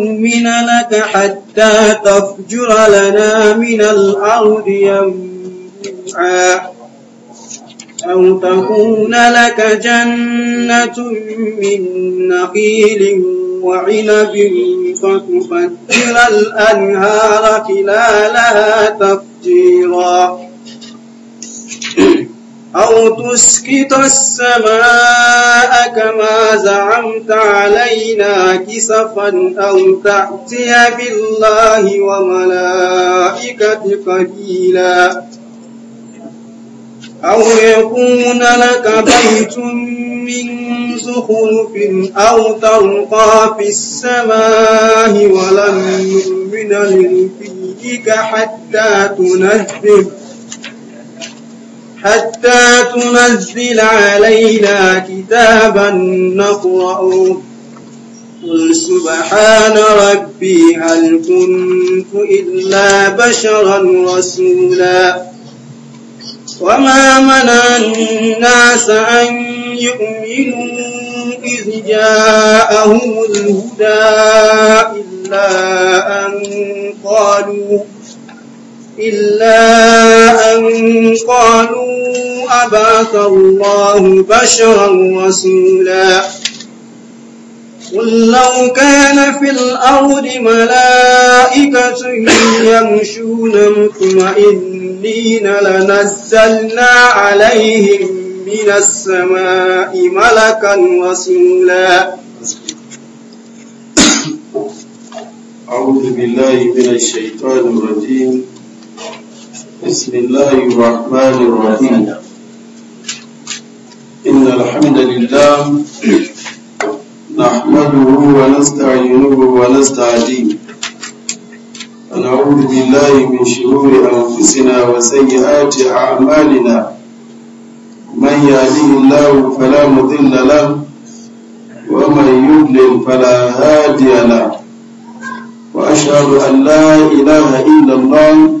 نؤمن لك حتى تفجر لنا من الأرض ينبوعا أو تكون لك جنة من نخيل وعنب فتفجر الأنهار خلالها تفجيرا أو تسقط السماء كما زعمت علينا كسفا أو تأتي بالله وملائكة قبيلا أو يكون لك بيت من زخرف أو ترقى في السماء يؤمن من فيك حتى تنهب حتى تنزل علينا كتابا نقرأه قل سبحان ربي هل كنت إلا بشرا رسولا وما منع الناس أن يؤمنوا إذ جاءهم الهدى إلا أن قالوا إلا أن قالوا أبعث الله بشرا رسولا قل لو كان في الأرض ملائكة يمشون مطمئنين لنزلنا عليهم من السماء ملكا رسولا أعوذ بالله من الشيطان الرجيم بسم الله الرحمن الرحيم إن الحمد لله نحمده ونستعينه ونستعديه ونعوذ بالله من شرور أنفسنا وسيئات أعمالنا من يهديه الله فلا مضل له ومن يضلل فلا هادي له وأشهد أن لا إله إلا الله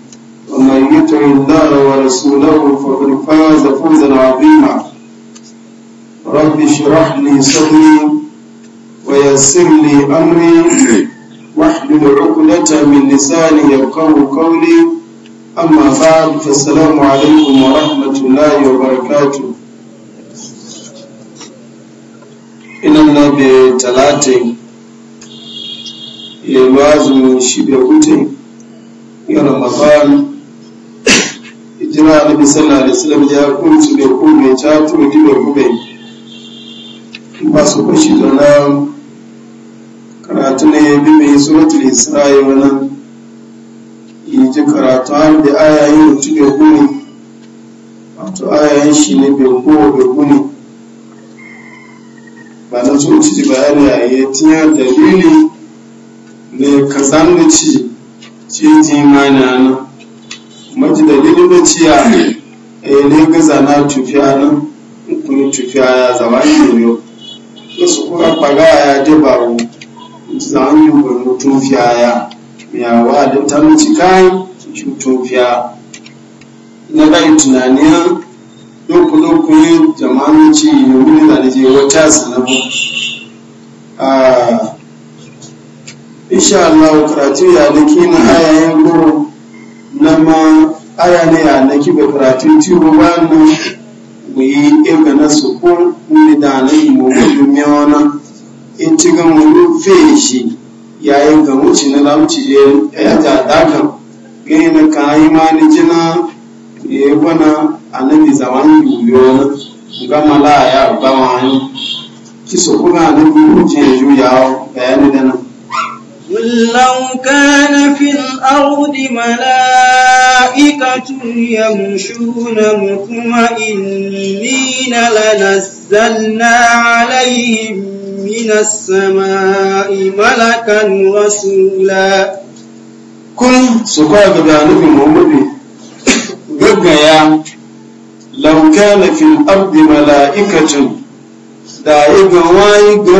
ومن يطع الله ورسوله فقد فاز فوزا عظيما رب اشرح لي صدري ويسر لي امري واحلل عقدة من لساني يفقهوا قولي اما بعد فالسلام عليكم ورحمة الله وبركاته إن الله بتلاتين يلوازم شبه ya Ramadhani ina da sallallahu da wasallam ya kunci da kuma ta to gibe gube ba su kushi da na karatu ne bi mai suratul isra'i wannan yi karatu har da ayayin mutu da gumi wato ayayin shi ne bai kowa bai gumi ba na tsoci da bayani a yi tiya dalili ne ka ci ce ji mana na maji dalilin da ciya ne eh, gaza na tufiya nan kuma tufiya ya zama ne yau wasu kuma faga ya dabaru za a yi gwarnu tufiya ya yawa da ta mace kayan tufiya na ɗan tunaniya doku-doku yi jama'an ci yi wani da je wata sanabu a ah, insha Allah karatu ya da kina ayayen guru na ma aya ne ya na kiba karatun tiro bayan na mu yi ega na sukun ne da na yi mawuyi mewana in ci ga mu fe shi yayin ga wuce na lamci je ya ta dakan gani na kayi ma ni jina ya yi wana annabi zaman yiwuwa ga mala ya ba wani ki so kuma annabi wuce ya juya bayani da nan قل لو كان في الأرض ملائكة يمشون مطمئنين لنزلنا عليهم من السماء ملكا رسولا kun su kwa gaba nufin mummuni gaggaya laukana fil ardi mala'ikatun da ya ga wayi ga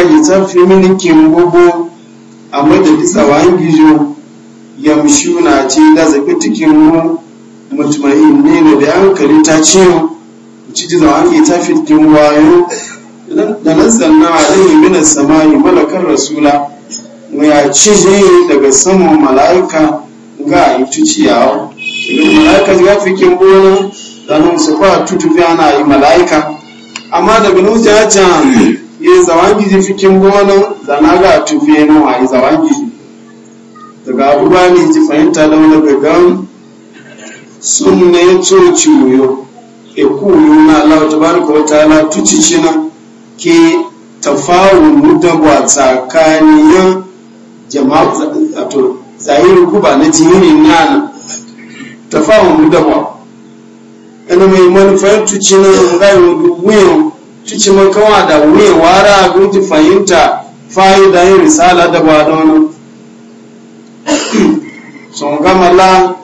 ya tafi mini kimbobo amma da bisa wangijo yamshuna ce da zafi cikin mu mutumai ne da hankali ta ciwo ci ji zama ake ta fitin wayo da zai yi min samayi malakar rasula mu ya ci shi daga saman mala'ika ga yi tuciyawa daga mala'ika ga fikin gona da nan su kwa tutufi ana yi mala'ika amma daga nan jajan ya zama gizi fikin gona zanaga tufiye na wayi zawangi daga abubuwa ne ji fahimta da wani gagan sun ne coci wuyo eku wuyo na allahu kawai ta ta'ala tucici na ke tafawun da ba tsakanin jama'a to zahirin guba na jihirin nana tafawun da ba ana mai manufar tuci na rayu wuyan tuci makawa da wuyan wara gudu fahimta fa'ida yin risala da ba don sun gama la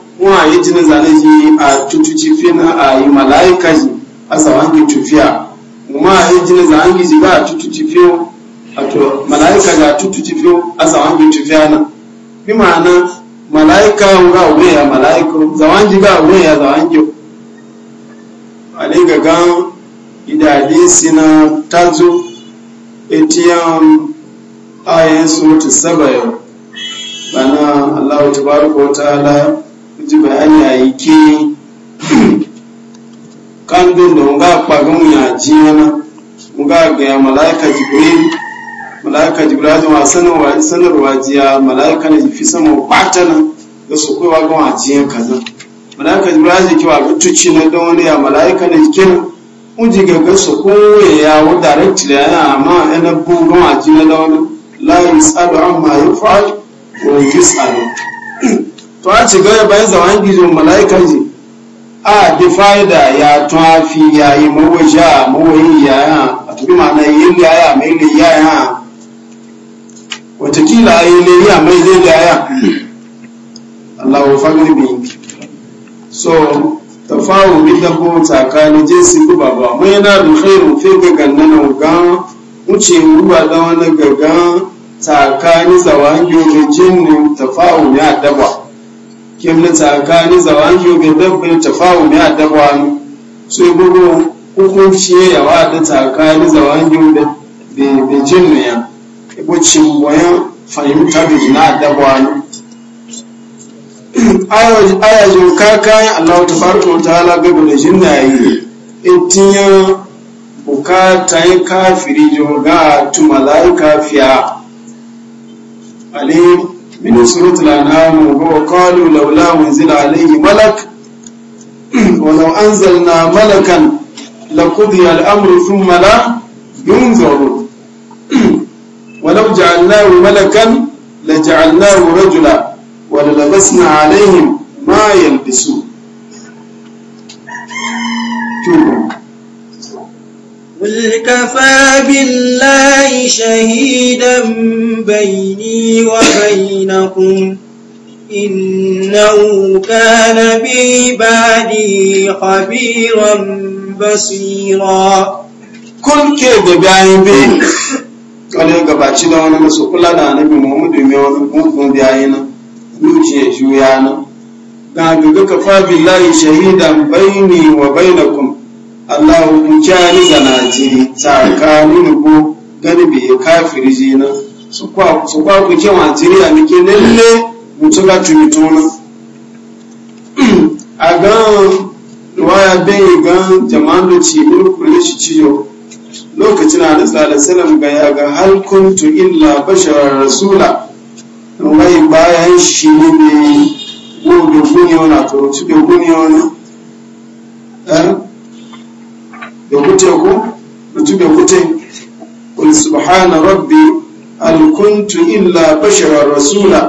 a yi jini zane ji a cutuci fina a yi mala'ika ji a sawangi tufiya kuma a yi jini zane ji ba a cutuci fiyo a to mala'ika ga cutuci fiyo a sawangi tufiya na bi ma'ana mala'ika ga wuya mala'ika ji ga wuya zawangi a ne ga gan idadi, sina tazo etiyan ayin suratu saba yau bana Allah wa baraka wa ta'ala ji bayani a yi ke kan don da nga kpaga mu ya ji yana nga ga ya malaika jibril malaika jibril ajin wa sanarwa sanarwa ji ya malaika ne fi sama batana da su kai ga wa jiyan kaza malaika jibril ajin ki wa tuci na don wani ya malaika ne kenan mun ji ga ga su kowa ya wa direct da yana amma ina bu ga wa na da wani la yusalu amma yuf'al wa yusalu to a ci gaya bayan zaman gizo malaika ji a di faida ya tafi ya yi mawaja mawayi ya a tafi ma'ana yin da ya mai ne ya ya watakila a yi ne ya mai ne da ya allahu fagir bi so ta tafawo bi da ko tsakanin jinsi ku baba mai na da khairu fi ga gannan ga wuce ruwa da wani gagan tsakani zawangiyo ga jinnin tafawun ya daba kemna tsakani zawangiyo ga dabbar tafawun ya dabwa ne sai gugu hukunci ya wa da tsakani zawangiyo da jinnin ya ibo wayan fahimta da jina dabwa ne ayajin kakayin allahu ta farko ta halaga da yi itiyan bukata kafiri jirga tu malaika عليم من سورة الأنعام وقالوا لولا أنزل عليه ملك ولو أنزلنا ملكا لقضي الأمر ثم لا ينظر ولو جعلناه ملكا لجعلناه رجلا وللبسنا عليهم ما يلبسون قل كفى بالله شهيدا بيني وبينكم إنه كان بعبادي خبيرا basira kun ke da bayan bayi wani gabaci da wani masu kula da annabi muhammadu mai wani gungun bayi na zuciya juya na ga gaga kafa billahi shahidan baini wa bainakum Allah mutane zana je tsakanin rubu garbi ya kafiri je na su kwa ku ce wa a nike lalle mutu ga tumito na a gan waya bai gan jama'an da ci bin kulle shi ciyo lokacin a sallallahu da wasallam ga ya ga hal kuntu illa bashar rasula wai bayan shi ne ne gobe guniyo na to su da guniyo na bekute ku mutu bekute kul subhana rabbi alkuntu illa bashara rasula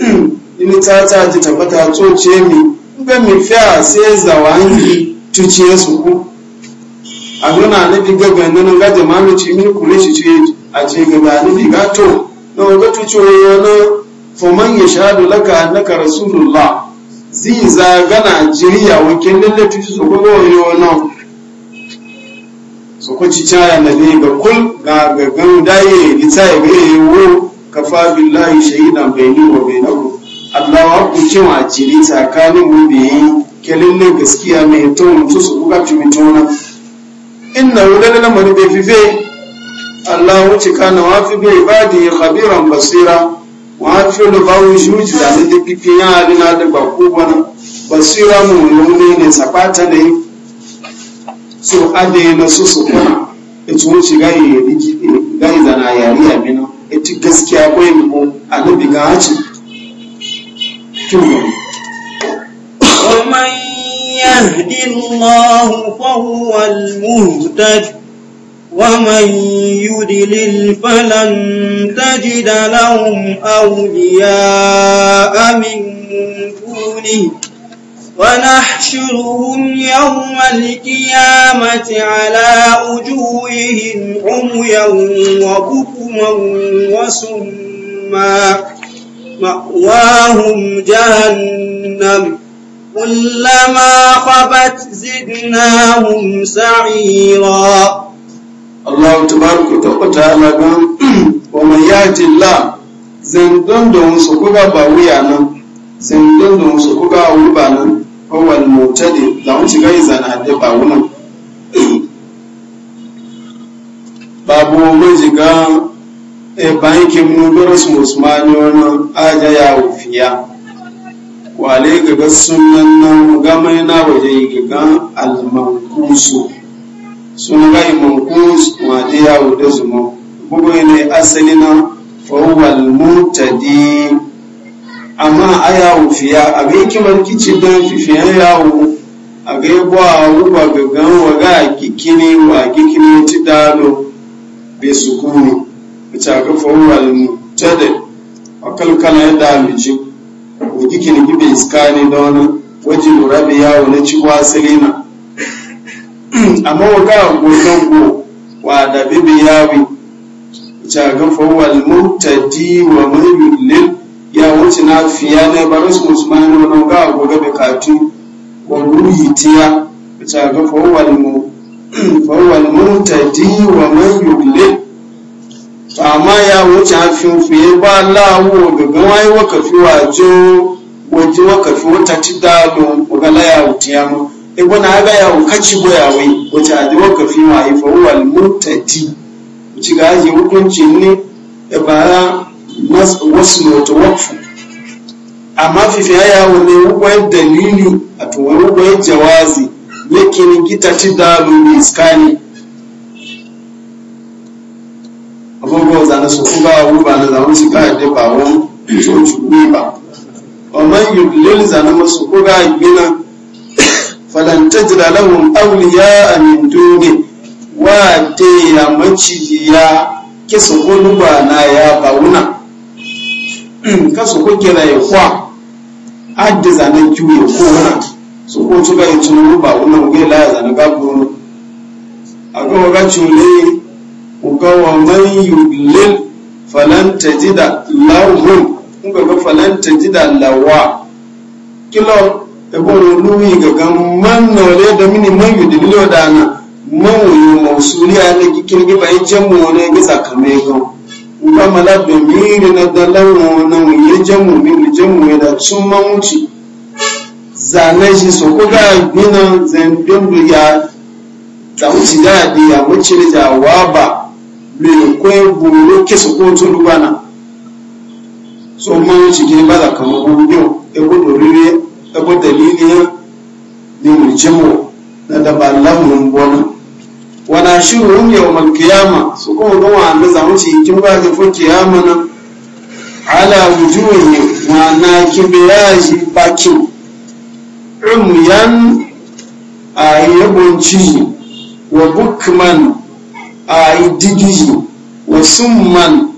ini ta ta ji tabbata ce mi ga mi fiya sai zawangi ce su ku a nuna bi gaba nan ga jama'a ci min kure shi ce a ce gaba na ga to na waga tuciye na foman ya shahadu laka annaka rasulullah zai zagana jiriya wakilin da tuci su kuma wayo nan so ko ci caya na ne ga kul ga gaggan daye ni tsaye ga yi wo fa billahi shahidan baini wa bainakum Allah wa ku ci wa jiri tsakanin mu yi. kelin ne gaskiya mai to mutu su kuka ci mutuna inna wala na man bi fife Allah wuce kana wa fi bi ibadi khabiran basira wa fi lu bawu shuji da ne da pipiya na da ba ku bana basira mu ne ne da ne so ade na so so kuma ci wuce gayi ya diki gayi zana yari ya mina gaskiya ko yin ko annabi ga haci ga ومن يهد الله فهو المهتد ومن يدلل فلن تجد لهم أولياء من دونه ونحشرهم يوم القيامة على وجوههم عميا وبكما وسما مأواهم جهنم كلما خبت زدناهم سعيرا الله تبارك وتعالى ومن يأت الله زندون دون سكوكا باويانا زندون دون سكوكا أولبانا huwa al-mutadi da mun shiga yi zana da ba wuna babu mun shiga e bankin mu durus musmani wani aja ya wufiya wale ga ga sunan nan gamai na waje ga ga al sun ga mankus ma da ya wuce zuma bugu ne asali na fa huwa amma a yawo fiya a ga hikimar kici don fifiyan yawo a ga yi gwa ruwa gaggan wa ga kikini wa kikini ti dano bai su kuni wace a ga fawar tada a kalkala ya damici wa ki gibe iska ne da wani wajen da yawo na ci wasilina amma wa ga gudun go wa da bibi yawi wace a ga fawar murtadi wa mai yulil ya wuce na fiya ne ba rasu musulmani wani ga gobe katu wa ruhi tiya ta ga ta di wa man yugle to amma ya wuce a fiye ba lawo gaga wai waka fi wajo waje waka fi wata ci da wagala ya wuce ya ma e na aga ya wukaci wai wace a ji waka fi wa ta di ci ga aji hukuncin ne e ba wasu wata wakfu amma fifi haya wani wugwai dalili a tuwa wugwai jawazi yake ni gita ci dalu mai iskani abubuwa zane su wa wuba na zaun shi ka da ba wani coci ne ba amma yudlil zane masu kuma gina falanta jira lahun auliya a min duni wa te ya maciji ya kisa na ya bauna Mm, kasu ko kira ya kwa adda zanen kiwo ya kowa su ko tuka ya tunu ba wannan ga la zanen ga buru a ga ga chule ko ga wa man yudlil falan tajida lahum ko ga falan tajida lawa kilo e bo luwi ga ga man no le da mini man yau da na man yo mausuli a ne kikin ga bai jamu ne ga zakame ga ngamala domiri na dalawo na wuye jamu mili jamu da sun mawuci zane shi so ko ga gina zambin ya da wuce da di ya wuce da jawaba mai kwaye buru ke su ko tun rubana so mawuci ke ba e e da kama gudu ebo doriri ebo dalili ne wuce mu na dabalahun bonan wana shuruhum yawmal qiyama su kuma ga wanda za mu ci kin ba ga fo qiyama na ala wujuhi wa na kibiyaji baki umyan a yabunci wa bukman a digiji wa summan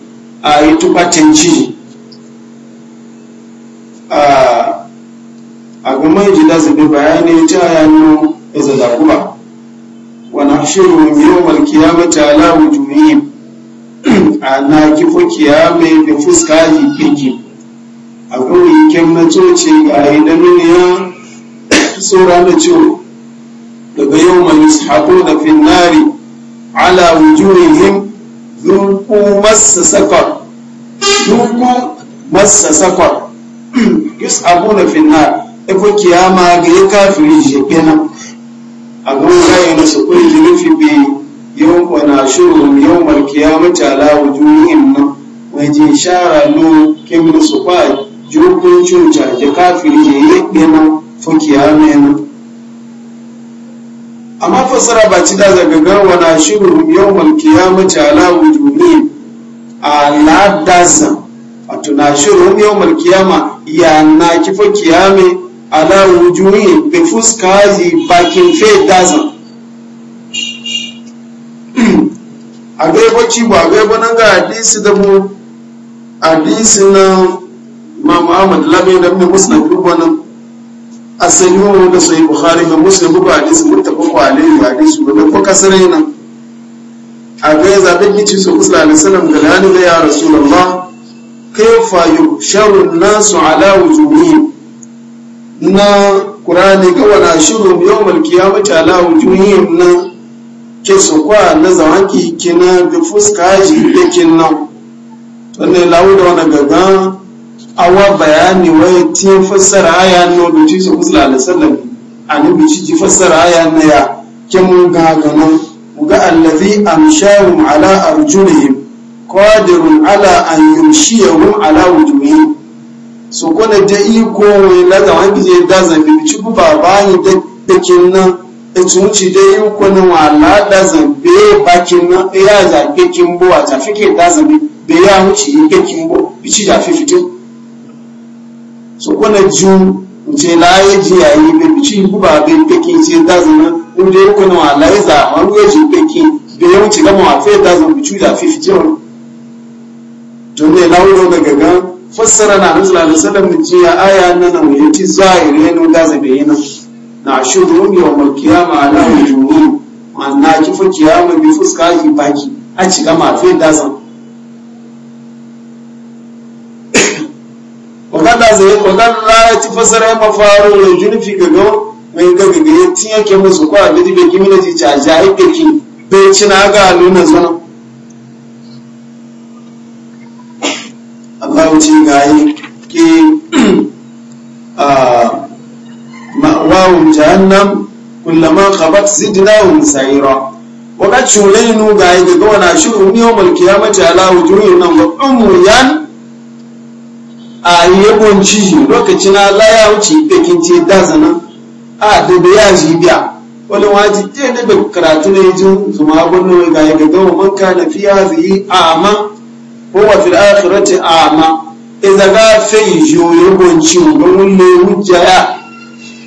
a yi a agumai da zabi bayanai ta yano izalakuba ونحشرهم يوم القيامة على وجوههم ana kifo kiyame fuska yi fiki a kawai na coci ga idanun ya tsora da ciwo daga yau mai sahabo da ala wujuhihim zurku masa sakwar zurku masa sakwar yusabu da finnar kiyama ga ya kafiri agoga yana su kulli rufi yau wana shuru yau malkiya mutala wujuhin nan waje shara lo kemgbe su kwa jirgin cuta ke kafin ke yi ɗina fukiya mena amma fasara ba ci da zagagar wana shuru yau malkiya mutala wujuhin a ladasa a tunashirin yau malkiyama ya na kifa kiyame ala wujuhin bi fuskaji bakin fe daza. a gaiba ba a gaiba nan ga hadisi da mu hadisi na imam ahmad lamin da mai musnad duba nan asali wa da sai bukhari da muslim duba hadisi murtafa ba alaihi hadisi da ko kasare yana a gaiba zabe gici so musla alaihi da lani da ya rasulullah kai yusharu an-nasu ala wujuhihim na ƙurani ga wana shirin yau ya mata ala juhim na ke su kwa na zawanki kina da fuska ji yakin nan wannan lawu da wani gaga awa bayani wai ti fassara aya no da ci su musula alaihi sallam annabi shi ji fassara aya na ya ke mun ga ganan mu ga allazi amshahum ala arjulihim qadirun ala an yumshiyahum ala wujuhihim su kone da iko na wani gije da zambi ci guba bayan da dakin nan ita wuce da iko na wala da ba bakin nan ya zaɓe kimbo a ta fike da zambi be ya wuce yi ke bi ci da fito su kone ju ce laye ji yayi da bici guba bai kin ce da zambi inda ya kuna wala ya zaɓa ruwa ji pekin be ya wuce gama wa fe da zambi ci da fito to ne lawo daga gan fassara na annabi sallallahu alaihi wasallam ce ya aya na nan ya ci zahiri ne da zabe yana na ashuru yawmal qiyama ala wujuhi ma ki fa kiyama bi fuska ki baki a ci gama fe da san wakanda zai ya ci fassara ma faru ne junfi gaga mai gaga ga yatin yake musu ko abidi be kimina ci ta jahi ke ki be cina ga nuna zuwa yayi ki a ma'awun jahannam kullama khabat zidnahum sa'ira waka culainu ga yi ga wana shiru ni yawmal qiyamati ala wujuhin nan babban umuriyan a yebon ciji lokacin ala ya wuce pekin ce dazana a da da ya ji biya wani waji ce da da karatu ne ji su ma gwamnati ga yi ga gawa man a fi hazihi a'ma huwa fil akhirati ma iza ga fayi shi o yi bonci o ga wule hujja ya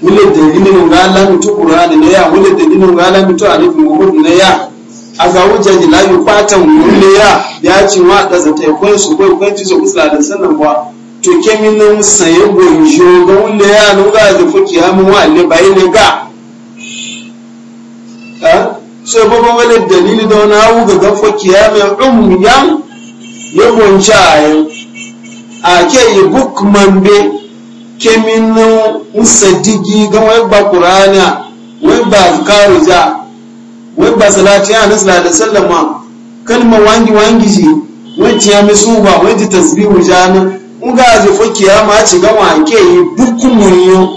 da dinin ga Allah mutu Qur'ani ne ya da dinin ga Allah mutu Alif Muhammad ne ya aga hujja ji la yi kwatan wule ya ya ci ma da zata kun su kai kun ci su usla da sannan ba to ke min nan sai bonci o ga wule ya no ga da fuki ha mun walle bai ne ga ha so baba wale dalili da wani hawu ga gafa kiyama ummiyan ya bonci ayin ake yi bukman be keminu nsadigi ga wai ba qur'ana wai ba karuja wai ba salati ya nasu da sallama kalmar wangi wangi ji wai ciya misu ba wai ji tasbihu jana nga ji fo kiyama ci ga wa ke yi bukmun yo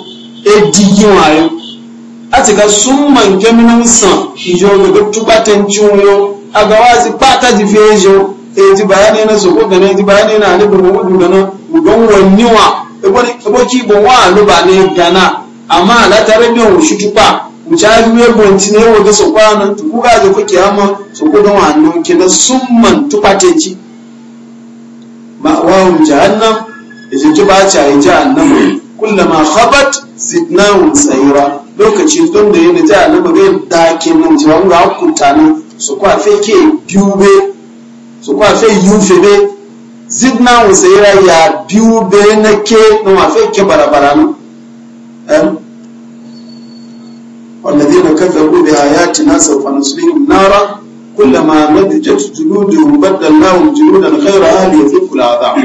edigi wa yo ati ga summan keminu nsan ijo ga tubaten ciwo aga wa ji pata ji fejo e ji bayani na so ko ne ji bayani na ali mu muhammadu na ugon wanniwa ebo ki bon wa lo ba ne gana amma ala tare ne shi shutupa mu cha ji me bon ti ne wa da su kwa ku ga ji kuke kiyama su ko don wannan ke da summan ta ci ma wa jahannam idan e ki ba cha yi e jahannam kullama khabat wa sayra lokacin don da yana jahannam ga dakin nan ji wa ga hukunta ne su kwa fake biyu be so kwa fe yiwu febe zidna wusayira ya biyu be na ke na ya wa fe ke barabara no da والذين كفروا بآياتنا da نصليهم نارا كلما نضجت da بدلناهم جلودا غيرها ليذوقوا العذاب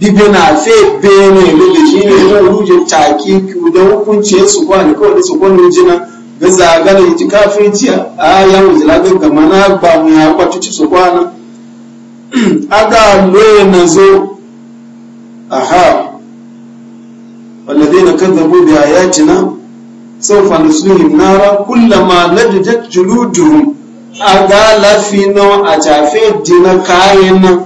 bibina fe bene lobe shi ne zan ruje taki da hukunci su kwa ne kawai su kwa jina ga zagara yi ji kafirci a ya wuce gama na gbamu ya kwa su kwana aga allo yana zo a ha wadda zina kan zabo biya ya ci na sau fana sunhin nara kullama na jujjat juludun a ga lafi na a tafe dina kayan nan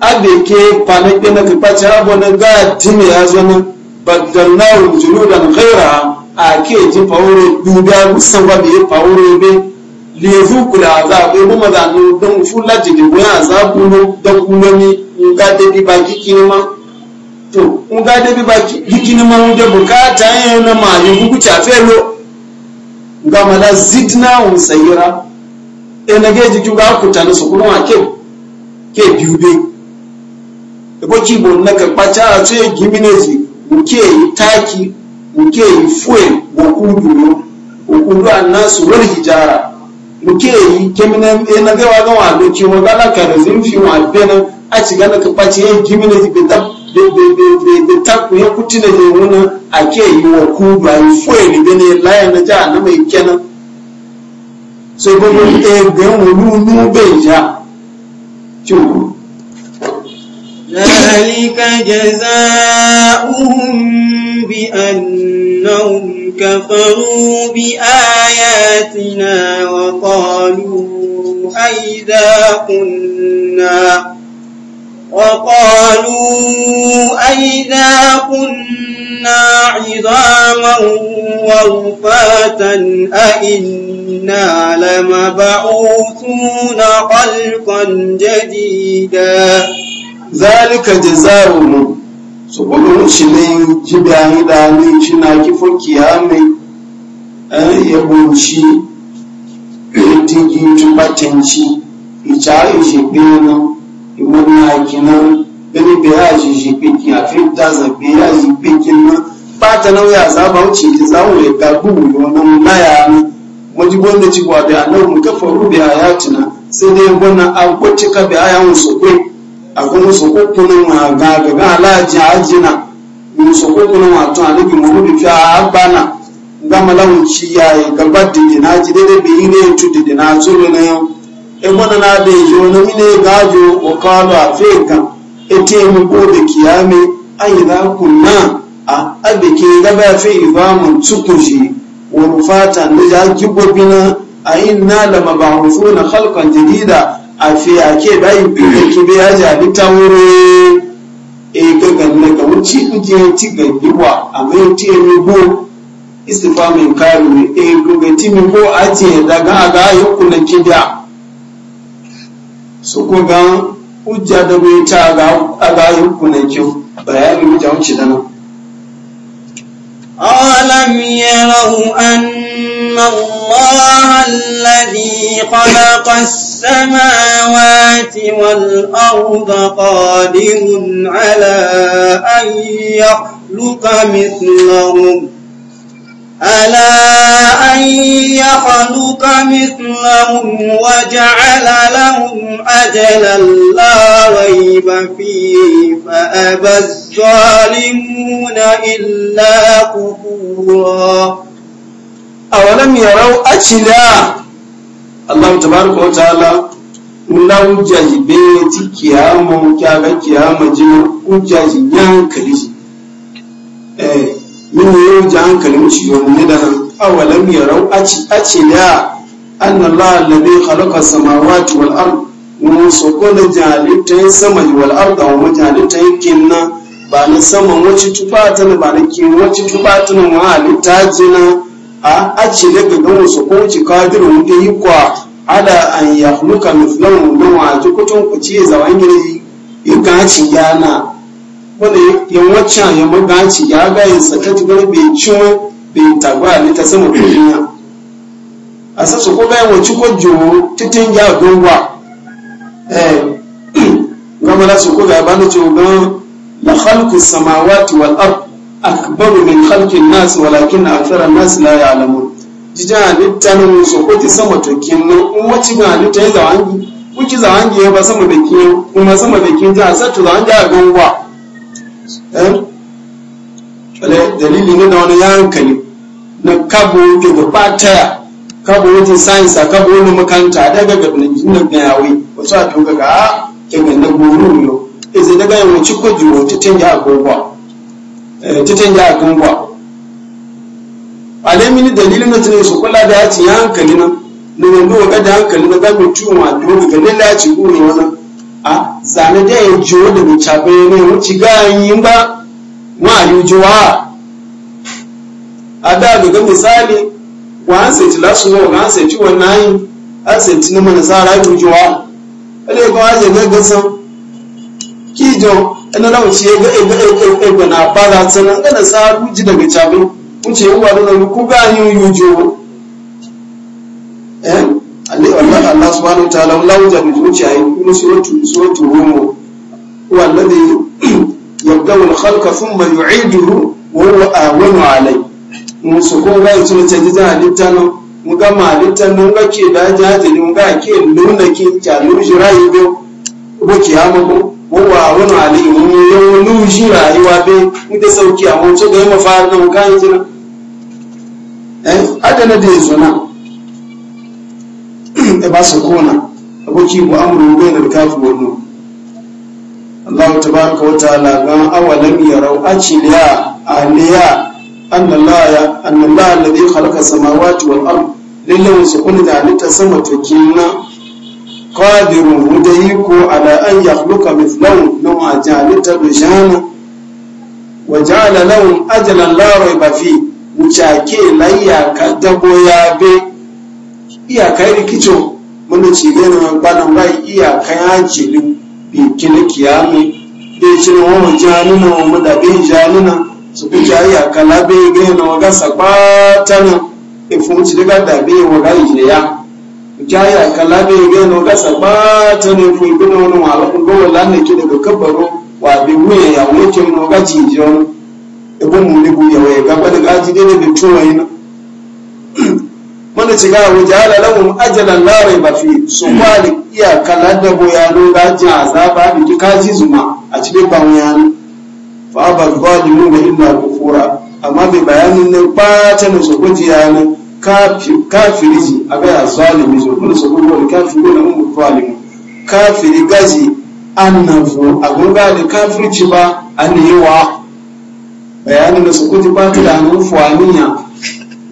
a da ke kwanaki na ka faci abu na ga dina ya zo na bagdan na juludan khaira a ke ji fa'uri dubiya musamman da ya fa'uri bai lezu kula za ku yi kuma zanu don fula jini wuya za ku no don kulomi in ka dabi ba kikini ma to in ka dabi ba kikini ma wunde bukata yin na ma yi kuku cafe lo ga mala zidna un sayira e na geji ju ga ku tanu su kuma ke ke biube e bo ki bon na ka pacha a ce giminezi muke yi taki muke yi fuel go kudu go kudu annasu wal hijara mukeyi yi kemina ena eh, gawa ga wa ci wa gala ka da zinfi fi wa bena a ci gana ka pace yin bi bi bi bi ta ku ya kuti na je wuna a ke yi wa ku ba yi foye ni bene laya na ja na mai kenan sai ba mu eh, e ga mu nu nu be ja ذلك جزاؤهم بأنهم كفروا بآياتنا وقالوا أئذا كنا وقالوا أئذا كنا عظاما ورفاتا أئنا لمبعوثون خلقا جديدا ذلك جزاؤهم so ko mun ci ne ji da ni da ni ci na ki fo kiyame eh ya bunci ti ji tu batenci ichari ji bino imuna kinan bani biya ji pe ki a fi da za pe ki piki ba ta na ya za ba wuce ki za mu ya ga gubu wannan laya ne waji gwanda ci gwa da annabi mu kafaru bi ayatina sai dai wannan an kwace ka bi ayan su kai akwai sokokunan wa gagaga alaji a ajina sokokunan wa tun alibi muhammadu fi abana gama launci ya yi gabar didina ji daidai bi yi ne tu didina tsoro na yau ebona na da yi wani mine gajo wa kawo a feka ete mu ko da kiyame an yi ku na a abike gaba fi mu tukushi wa rufata da ya gibobi na a na da mabahusu na halkan jarida a fiya bayi kuma ki bi ya a ni ta wuri e eh, ka ga ne ka wuci ki ti ga giwa a mai ti e mi bo istifa min kai ni e ku ga ti mi bo a ti e daga ga yi ku ki da su ku ga ujja da bai ta ga a ga yi ku na ki bayani mu ja wuce da nan alam yarau an إن الله الذي خلق السماوات والأرض قادر على أن يخلق مثلهم ألا أن يخلق مثلهم وجعل لهم أجلا لا ريب فيه فأبى الظالمون إلا كفورا awalam yarau acila allah tabaraka wa ta'ala nan jajibe ti kiyama kyaga kiyama ji un jaji yankali eh min yau ji hankali mu shi yau ne da awalam aci acila anna allah alladhi khalaqa samawati wal ard mun soko na jalitai sama wal ard wa majalitai kinna ba na sama wacce tufa ta ba na ke wacce tufa ta na wa halitta jina a ace daga ganin su ko ci kadiru wanda yi kwa ala an ya huluka mithlan wanda wa ji kutun ku ci zaman gire yi gaci yana wanda yin waccan ya magaci ya ga yin sakati gari bai ciwo bai tagwa ne ta sama duniya a sassa ko ga wa wacce ko jiwo titin ya gungwa eh gama da su ko ga bani jiwo gan la khalqu samawati wal ard akbaru min khalqin nas walakin akthara nas la ya'lamun jija halitta na musu ko ti sama to kinno in wace ga halitta ya zawangi kuki zawangi ba sama da kin kuma sama da kin ja sattu zawangi a gangwa eh wale dalili ne da wani yankali na kabo ke da fataya kabo wajen science a kabo wani makanta daga ga na gayawe wasu a tuka ga ke ga na goro yo izai daga yawanci ko jiwo ta a agogwa Eh, titin a gungwa alemini dalilin na tunai su kula da yaci ya hankali na na wanda wa gada hankali na gami ciwon ma dole ga lalle yaci gune wannan a zane da ya ji da mai cabe ne wuce ga yi ba ma yi jiwa a da daga misali wa an sai tila su wa an sai ciwon yi an sai na mana sa rayu jiwa ale ko aje ga gasan jo ina na wuce ya ga ga ga na bala tsanan ga na saru ji daga chabe wuce yan wani na ruku ga yin yujo eh Allah Allah Allah subhanahu wataala wallahu jadu wuce yi kuma su wato suratu suratu rumu wallazi yabda al khalqa thumma yu'iduhu wa huwa awanu alayhi musu ko ga su ta ji da halitta nan mu ga malitta nan ga ke da jaji mu ga ke nuna ke ta nuna shi rayu ko ko kiyama ko wa wani ali wani yawon nushi rayuwa bai mutu sauki a mace ga yi mafari eh, na mukayin jina eh adana da yanzu na e eh, ba su kona aboki bu amurin bai da kafin wani Allah ta baraka wa ta'ala gan awalam yarau achiliya aliya annallaya annallaya alladhi khalaqa samawati wal ard lillahi sukunu da ta sama to na. qadirun wuda yi ko ala an yakhluqa mithlahu lam ajali tabjana wa ja'ala lahum ajalan la rayba fi wucake layya ka dabo ya be iyaka yi rikicho mun ci gani man kwanan bai iyaka ya jeli bi kile kiyami be na wa mu wa muda da bin januna su ku ja iyaka la be gani wa ga sabatana ifun ci daga da be wa ga ya jaya kalabe gano gasa ba ta ne fulbi na wani wala ku ga wala ne ki daga kabaro wa bi wuya ya wuya ke no ga jijon e bo mu ne bu ya waya ga bada ga jide ne mana ci ga wa jala lahum ajalan la rayba fi su kwali iya kalada bo ya no ga ji azaba bi ki kaji zuma a cikin ba mu ya ne fa abal zalimun illa kufura amma bi bayanin ne ba ta ne su gujiya ne kafiri ji a gaya zalimi ji kuma su kuma wani kafiri na mun zalimi kafiri gaji annafu a gunga da kafirci ba an yi wa bayanin da su kuti ba ta da hannun fuwaniya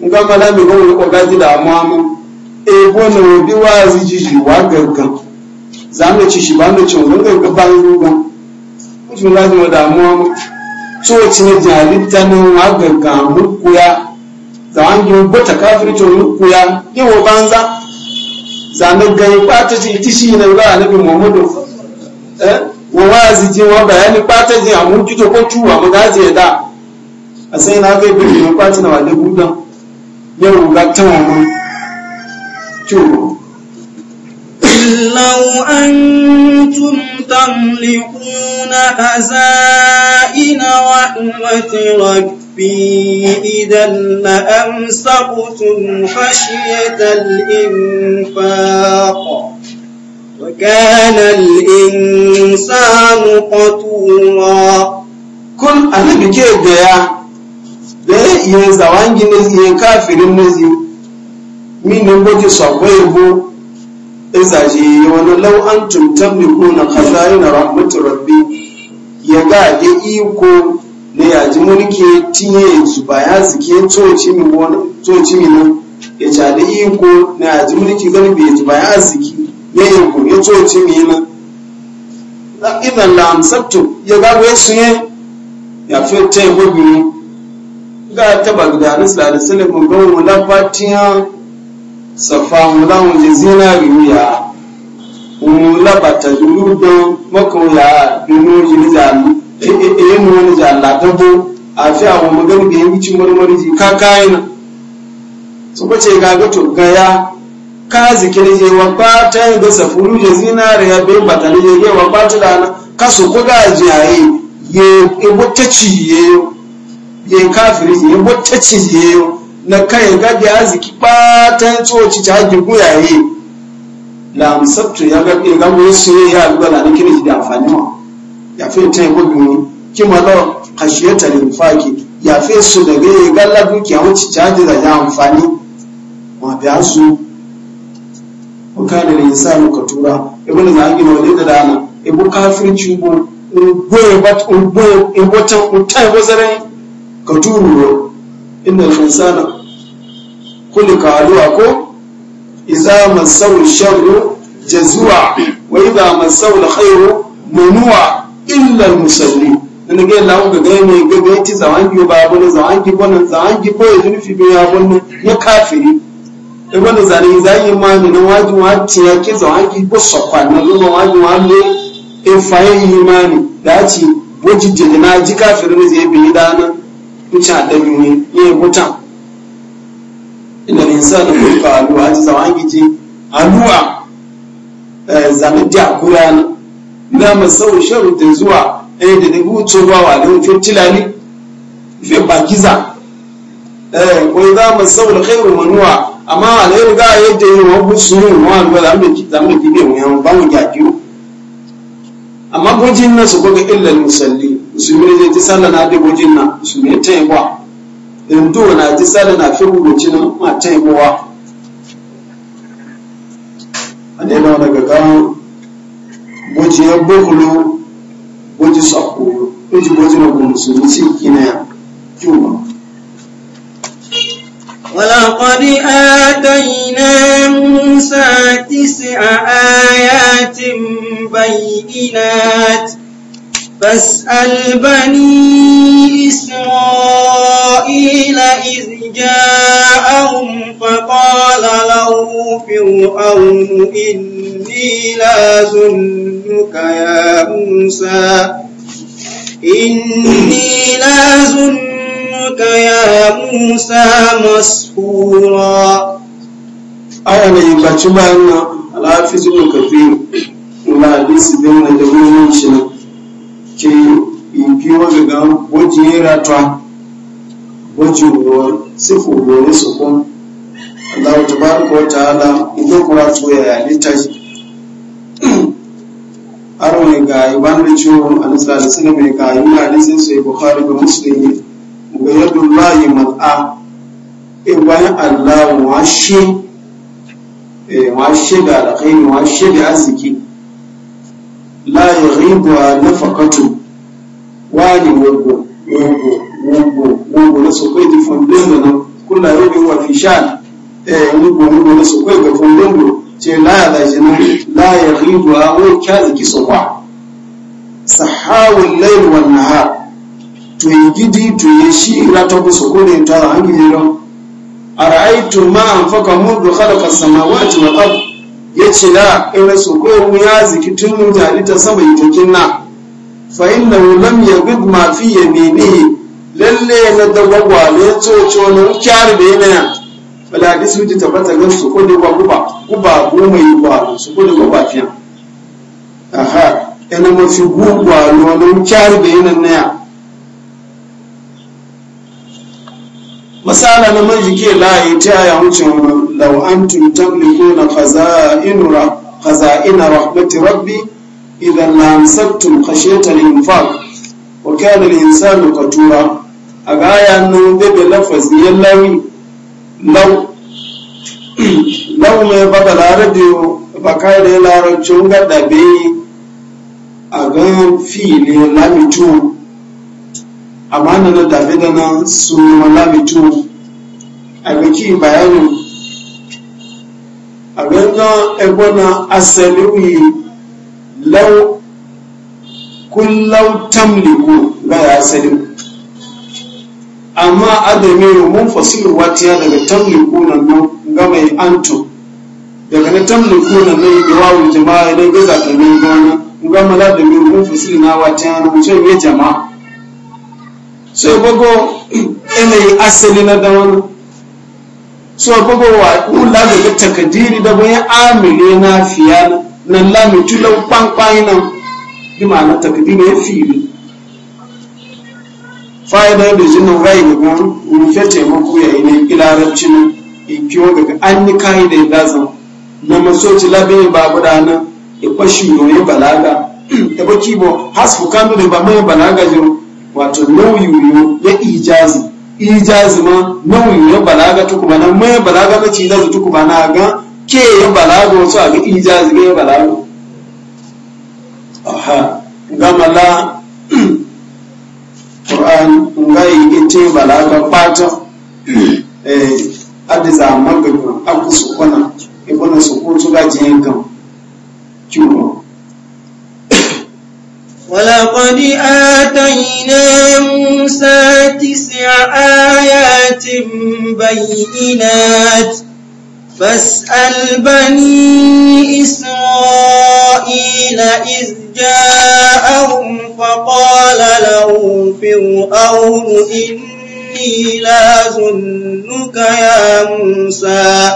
in ga mala mai gwamnati ko gaji da amamu e bona obi wa zijiji wa gaggan za mu ci shi ba mu ci wani gaggan ba yi rugan mutum lazima da mu amamu tsoci na jalitta nan wa gaggan mukuya zawangi bota kafiri to kuya yiwo banza zane gai bata ji tishi eh? na ga annabi muhammadu eh wa wazi ji wa bayani bata ji a mun kito ko tuwa mu gaje da a na ga bi mun bata na wale gudan yau ga tawa mu tuwo لو أنتم تملكون خزائن رحمة ربكم ربي إذا لأمسقتم خشية الإنفاق وكان الإنسان Kun كل أنا بكير ya dai yin zawan gini yin kafirin nazi min nan goke sagwai go izaje wani lau an tumtar ne ko na kasayi na rahmatu rabbi ya ga ya iko ne ya ji ke tiye su ba ya zike toci mi wani mi nan ya ci da ko ne ya ji ke gani bai ji ba ya ziki ya yi ko ya toci mi nan idan la amsabtu ya ga ya sunye ya fi ta yi ne ga taba da anis da alisalin mu ga wula fatiya safa wula wuje zinari ya wula bata duru don makoya binu yi da yin wani ji allagabo a fi awon magana ga yankicin marmari ji ka kayana su kwace ga gato gaya ka zikirin je wa bata ya gasa furu je zinare ya bai bata ne je wa bata da na kaso ko ga jiyaye ye ibo taci ye ye kafiri ye ibo taci ye na kai ga ga aziki bata tsoci ta gigu yaye la amsabtu ya ga ga mu su ya ga na kirin da amfani wa yafe ta yi gobe kima ta hashiyata linfaki yafe su daga yi galla dukiya ci caji da ya amfani ma biya su ka da da yasa muka tura ibn zangi na wajen da dana ibu kafirci bu goye bat goye in wata utai wazare ka turo inna insana kulika aduwa ko idza masau sharru jazua wa idza masau alkhairu manuwa illar musalli ina ga lawo ga ga ne ga ga ti zawangi ba abu ne zawangi bane zawangi ko ya nufi be ya bane ya kafiri e bane zani zai ma ni na waji wa ti ya ke zawangi ko sokwa na zo waji wa le e fayi imani da ci boji je na ji kafiri ne zai bi dana kuce da ne ya mutan inda insan da kuka aluwa ji zawangi ji aluwa eh, zanen da kurana na masau sharu da zuwa ɗaya eh, da dubu ba wa da fi tilani fi bakiza ɗaya eh, ko za masau alkhairu manuwa amma alkhairu ga yadda yin wabu suru wa alwa da mu ki zamu ki be mu ba mu jakiyo amma gojin nan su goga illal musalli musulmi ne ji sanda na da gojin nan musulmi ta yi ba in to na ji sanda na fi gojin nan ma ta yi ba a ne na daga gawo boji ya bukulu boji sakoyo ya ولقد آتينا موسى تسع آيات بينات فاسأل بني إسرائيل إذ جاءهم فقال له فرعون إني لا ظنك يا موسى إني لا ظنك يا موسى مسحورا أنا يبتش بأن الحافظ ابن كثير ولا أدس دون الجميع شنا كي يبيو غا وجه راتوا وجه هو سفو هو سكون Allah tabaraka wa ta'ala idan kura tuya ya littafi ga har mai gayi a ciwon alisali suna mai gayi na hadisin sai bukhari da muslimi ga yadda layi mal'a e bayan allah washe e washe da alkhairi washe da arziki la yaghibu nafaqatu wani wogo wogo wogo wogo na so kai di fondo na kula yau wa fi shan eh wogo wogo na so kai ga fondo ce la ya zai jini la ya ribu a wani kyazi ki sofa sahawun lail wal ha to yi gidi to yi shi ra ta kusa ko ne ta hangi ne don ara'aytum ma anfaqa mundu khalaqa as-samawati wal ya ce la ina so ko mu ya ziki tun jari ta sama yi tokin na fa innahu lam yabid ma fi yaminihi lalle na dawwa ne to na ne kyar da yana bala hadisi wuce tabbata gan su kodi kwa kuba kuba goma yi gwaro su kodi guba fiya aha ina mafi gu gwaro wani kyari na yanan masala na majike layi ta ya wuce lau antum tamlikuna khaza'inura khaza'ina rahmati rabbi idan lamsattum khashyata al-infaq wa kana al-insanu qatura a ga ya nan bebe lafazi yallawi lau lau mai baka larabe baka da larabcin ga bai a gan fiye lamitu amma na na dafi da na suna lamitu a biki bayanin a gangan ebona asaliwi lau kun lau tamliku ga ya asaliwi amma ne mun fasiru watiya daga tamlikuna nan ga mai anto daga na tamlikuna nan da wawun jama'a idan gaza ka ne gana ga mala da mun fasiru na watiya na mutum ya jama'a sai gogo yi asali na dawana so gogo wa mun la daga takadiri da bayan amile na fiya nan la mutu lau kwankwayi nan bi ma'ana takadiri ya fiye fa'idar da jinin rai ga rufe taimako ya yi ne ilarabcin ikiyo daga an yi kayi da idazan na masoci labin ba gudanar kwashi yoyi balaga ta baki bo hasfu kanu da ba mai balaga jiro wato nauyoyo ya ijazi ijazi ma nauyoyo balaga tukuma na mai balaga ba ci ta tukuma na ga ke ya balaga wasu a ga ijazi ga ya balaga aha gama la qur'ani yi ite balaga pata hmm. eh adiza magagun akusu kona ibona su ko tuga jin kan kiwo ولقد آتينا موسى تسع ayatin بينات فاسأل بني إسرائيل إذ جاءهم فقال له فرعون إني لأظنك يا موسى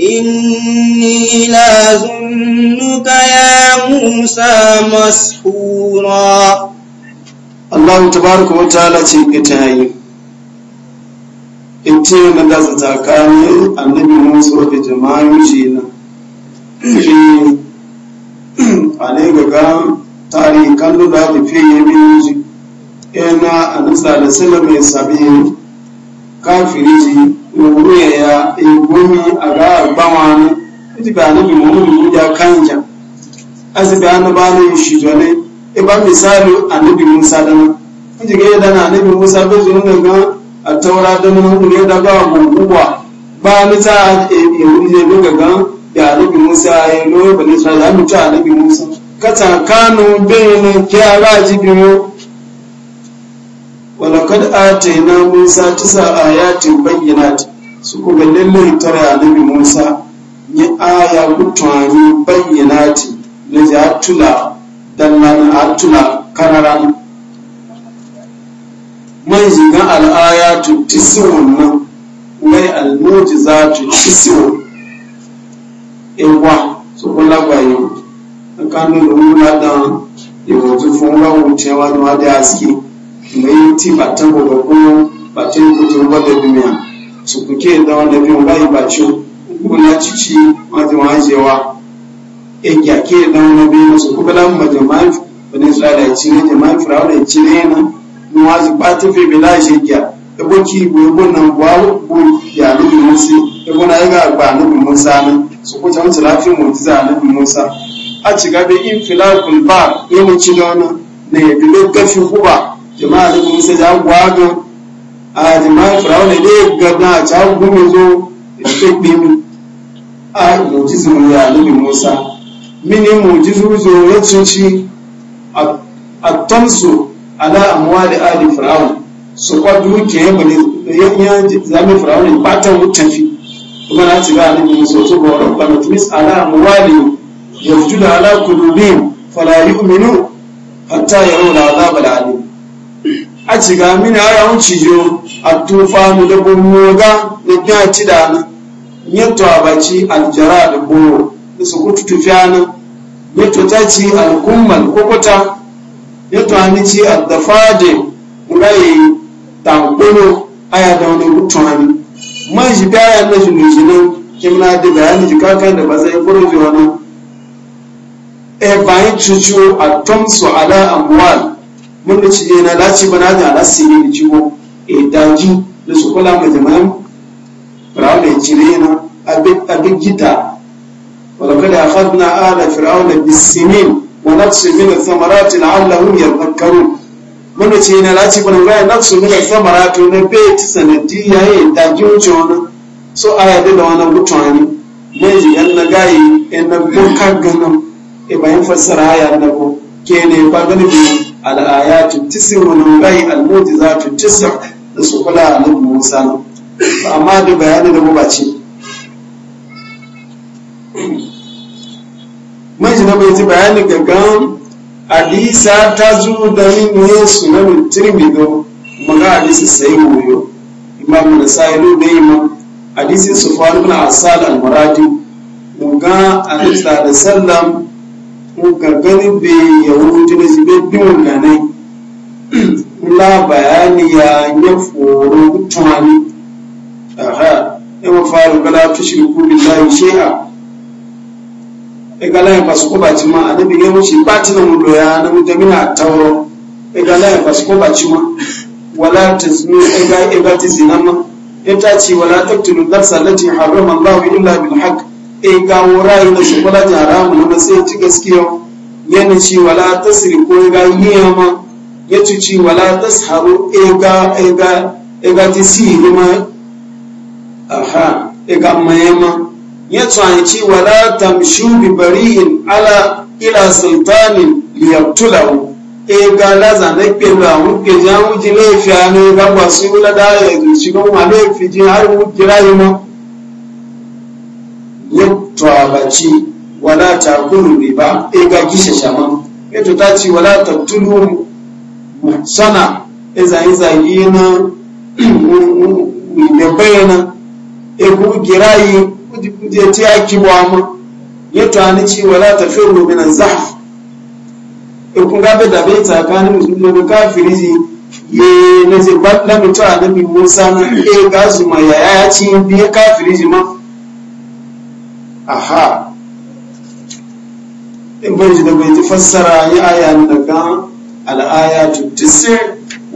إني لأظنك يا موسى مسحورا Allah tabaraka wa ta'ala ce ka ta yi in ce na da su tsakanin annabi Musa da jama'a shi a ne ga tari kallo da haka fiye ya biyu ji yana a nasa da silame sabi kafiri ji wuri ya igumi a ga agbawa ne ita ba na bimu mu ya kanja asibi an ba ne shi jone e ba misali annabi Musa dana kuje ga da na annabi Musa ba zo ne ga a taura da mun ne da ba guguwa ba ni ta e wuri ne ga ga ya annabi Musa ya no ba ni ta da mu ta annabi Musa kata kanu bayinu kiyara jibiyo walakad atayna musa tisa ayatin bayyinat su kuma lalle tara annabi musa ni aya kutwani bayyinati na ji atula dannan atula kararan man shiga al'ayatu tisiwon nan mai almujizatu tisiwon ewa su kula gwayo kanu lòún ládàá ìwò tó fún wáwò tí wá ní ni dé àsìkí ìwéyí tí bàtà gbogbo kún bàtà ìlú tó gbọdọ bí mi à sùkùkì ìdáwọn dẹbí wọn báyìí bàtú gbogbo láti tí wọn ti wọn á yẹ wa èyí àkí ke da wọn sùkùkù bẹlẹ àwọn ọmọdé máa ń fún israẹli àti ilé ìjẹ ne ń fura ọrẹ ne ní ẹnu ni wọn á ti pa tó fi ibi láì ṣe gíà ẹgbẹ kí ìgbò ẹgbẹ náà wọ àwọn òkú yà níbi musa ne náà yẹ ká gbà níbi musa náà sùkùkù ti a ci in filakul ba yawanci da wani na ya bilo gafi kuba jama'a da musa da gwado a jama'a firawuna ne ya na a gumi zo da ta a mujizu mu ya nabi musa mini mujizu zo ya cinci a tamsu ala amuwa ali firawuna su kwadu ke ya bane ya zami firawuna ba ta fi. kuma na ci ga nabi musa to ba wa rabbana tumis ala amuwa yafjudu ala qulubihim fala yu'minu hatta yarawna azabal alim a ciga mini aya wuci yo a mu da bunnoga da biya ci da na yato baci aljara da boro da su kutu tufiyana yato ta ci al'ummal kokota yato hannu ci aldafaje mulaye tankono aya da wani mutu man shi biya ya na shi kimna da bayani jikakan da ba zai kuro ji wani e bayan cucu a tun su ala amuwal mun da cike na lati bana da lati ne da ciwo e daji da su kula mai jama'an rawar da cire na abin gita wadda kada ya fadi na ala firawar da bisimin na su zina samaratin allahun yarfakaru mun da cike na lati bana gaya na su zina samaratin na bet sanadi ya yi daji wuce wani so ayyadi da wani mutuwa ne ne yi yan na gaye? yan na bukar ganin ibayin fassara ya annabo ke ne bangane bi al'ayatu tisin wani rai al-mu'jizatu tisin da su kula a nan Musa na amma da bayanin da ba ce mai na bai ji bayanin gaggan hadisa ta zo da yin yesu na tirmidhi maga hadisi sai wuyo imam da sahilu da imam hadisin faru ibn asal al-muradi muga annabi da Sallam. gagarin bai ya wuce da su bai biyun na nai la bayani ya ya foro tumani aha ya wa faru gala tushriku shi shay'a e gala ya basu ko baci ma annabi ya mushi na mu doya na mu mutamina tawro e gala ya basu ko baci ma wala tazmi e ga e batizina ma ita ce wala taqtulu nafsa allati harrama Allahu illa bil haqq e ga wurayi na shugaba ta haramu na sai ci gaskiya yana ci wala ko ga yiyama ya ci ci wala tasharu e ga e ga e ga ti si ma aha e ga mayama ya tsaye ci wala tamshu bi bari'in ala ila sultanin liyabtulahu e ga za na pe ga mu ke ja mu ji le fi ga ba su la da ya ji ko ma le fi ji har mu kira mu yatwabaci wala takulu riba e ga kishe shaman e to taci wala tabtulu sana e zai zagi na ne bayana e ku girayi kuje ti aki wa mu to ani ci wala firu min az-zahf e ku ga da bai tsakanin musulmi da kafiri ye na ce ba na mutu a nabi musa na e ga zuma ya yaya ci biya kafiri ma aha in bai da bai ji fassara ya aya daga al'aya tuttise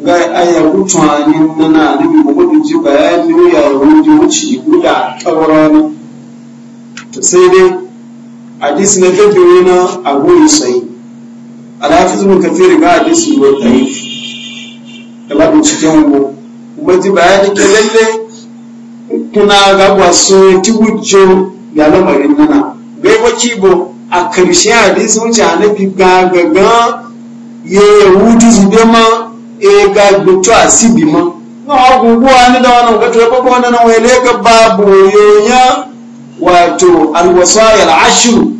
ga aya kutuwani na na nabi muhammadu ji bayani ya yi wuce guda kawarani to sai dai hadisi na kabewa na abu sai alhafiz mun kafiri ga hadisi ko dai da babu cikin mu kuma ji bayani ke lalle kuna ga wasu tiwujo ga lamarin nana bai waki bo a karshe hadisi wuce annabi ga gaga ya yahudu zube ma ya ga gbutu a sibi ma na aguguwa ni da wani gato ya wani wannan wele ga babu yoya wato alwasayil ashiru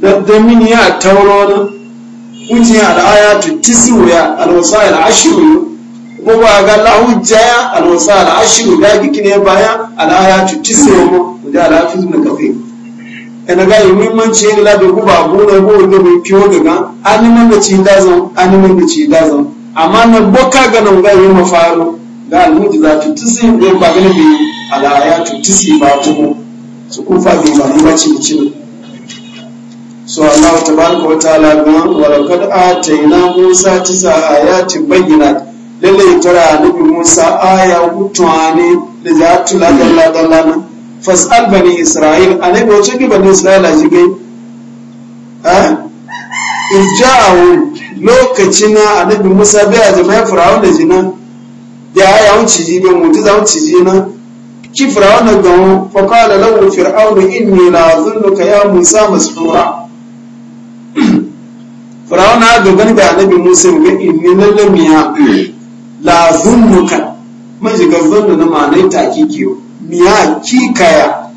da damini ya tauro na wuce al'ayatu tisiwa alwasayil ashiru gbogbo àga láhùn jẹ́ àwọn sáàlà aṣírò dáàgì kí ni ẹ bá yá aláya tuntun sí ọmọ òde aláfíìsì ní kàfé ẹnaga yi muhimmanci yin labe guba gona ko wanda mai fiyo daga animan da ci dazan animan da ci dazan amma na boka ga nan ga yi mafaro ga almujiza tutisi ne ba ga ne ala ya tutisi ba tuko su kun fa ba ni ba ci ci so Allah Ta tabaraka wa ta'ala ga wa laqad atayna Musa tisa ayatin bayyinat lele itara nabi musa aya ani da za tula dalla dalla na fasal bani isra'il annabi wace ki bani isra'ila a gai eh irja'u na annabi musa bai a jama'a fura da jina da aya wuce ji bai mutu za wuce ji na ki fir'aun da gawo fa qala lahu fir'aun inni la dhunnuka ya musa masfura fir'aun na ga gani da annabi musa ga inni miya. la zunnuka majigar zanna na manai take ke miya kikaya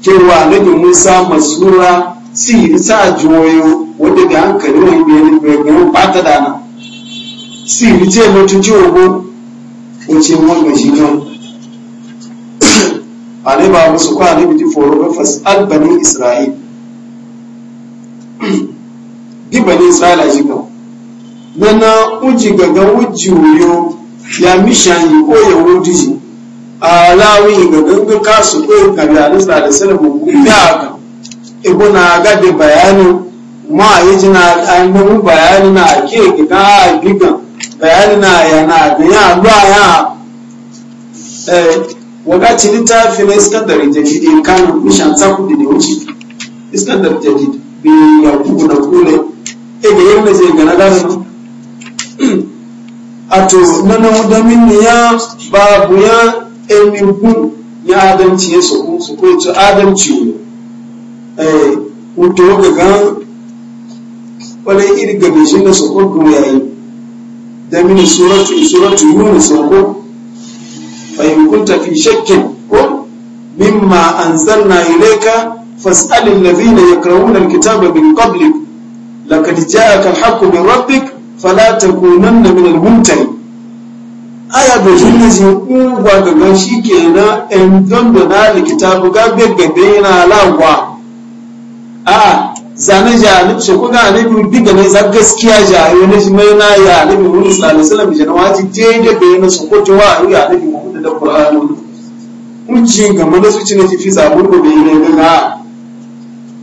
cewa nabi musa masura sihiri sa juwoyo wadda ga hankali wani bayanin ba bata da nan yi ce mutum Ko ogo wace wanga shi don ale ba musu kwa ne biji foro ba fas bani isra'il bi bani isra'ila shi kan nana uji gaga uji uyo ya mishanyi ko ya wudiji alawi gaga ga kasu ko kabi alisa da salamu ya ibo na gade bayani ma yi jina an mu bayani na ke gida giga bayani na yana na ga ya lwa ya eh wakati littafi na iskandar jadidi kano mishan sakudi ne wuce iskandar jadidi bi ya kuku na kule ege yin da zai gana gano ato nana wudamin ya babu ya emigun ya adamci ya so su ko ci adamci ne eh mutu ga ga wani iri ga shi na su ko ku yayi da min suratu suratu yunus ko fa in kunta fi shakkin ko mimma anzalna ilayka fas'al alladhina yaqra'una alkitaba min qablik laqad ja'aka alhaqqu min rabbik fala takunanna min al-mumtari aya da jinna ji ungwa ga gan shikenan en don da na likita bu ga begga da yana lagwa a zane ja ni shi kuma ne bi diga ne za gaskiya ja yo ne mai na ya ne bi wani sallallahu alaihi wasallam waji je da bayyana su ko jawa ya ne bi mu da qur'ani mun ji ga mana su ci ne fi zabur bai bayyana ga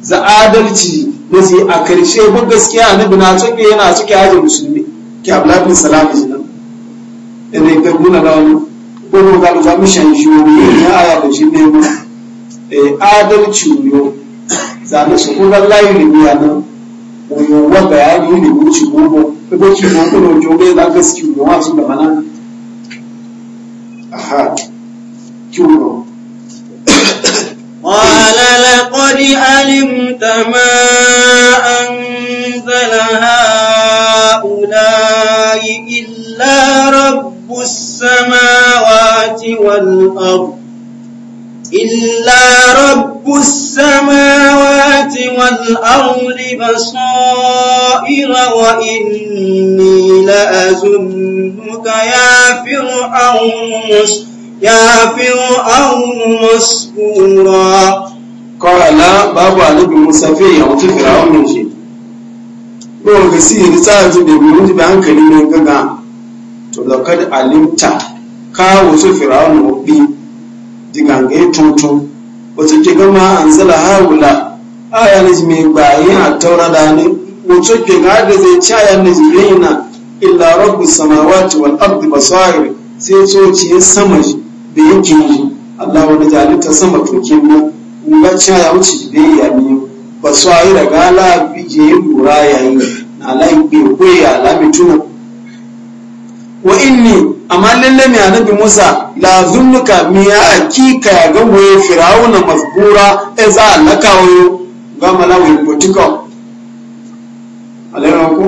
za adalci na sai a karshe ba gaskiya annabi na cike yana cike haji musulmi ki abdullahi bin salam nan ina ga guna da wani ko ko ga da mu shan shi wani ya aya da shi ne mu eh adalci yo zane su ko ga layi ne ya nan ko wa bayani ne mu ci gogo ko ci ko no jobe da gaskiya wa su da mana aha kiwo قال لقد علمت ما أنزل هؤلاء إلا رب السماوات والأرض إلا رب السماوات والأرض بصائر وإني لأزنك يا فرعون يا فرعون مسكورا قال بابا علي موسى في يوم فرعون شيء ko ga sihiri ta ji da mun ba hankali ne gaga to da kad alimta ka wasu fir'aun mubbi digange tutu wato ke gama anzala haula aya ne mai bayi a taurada ne wato ke ga da zai ci aya ne illa rabbus samawati wal ardi basair sai so ci sama shi da yake yi Allah wani ta sama tuke mu ngacca ya wuce da ya yi ba su ayi daga la bije lura yayi na la ibe ko ya la tuno wa inni amma lalle mai annabi Musa la zunnuka mi ya akika ya ga goye fir'auna mazbura e za alaka kawo ga malawi botika alairan ko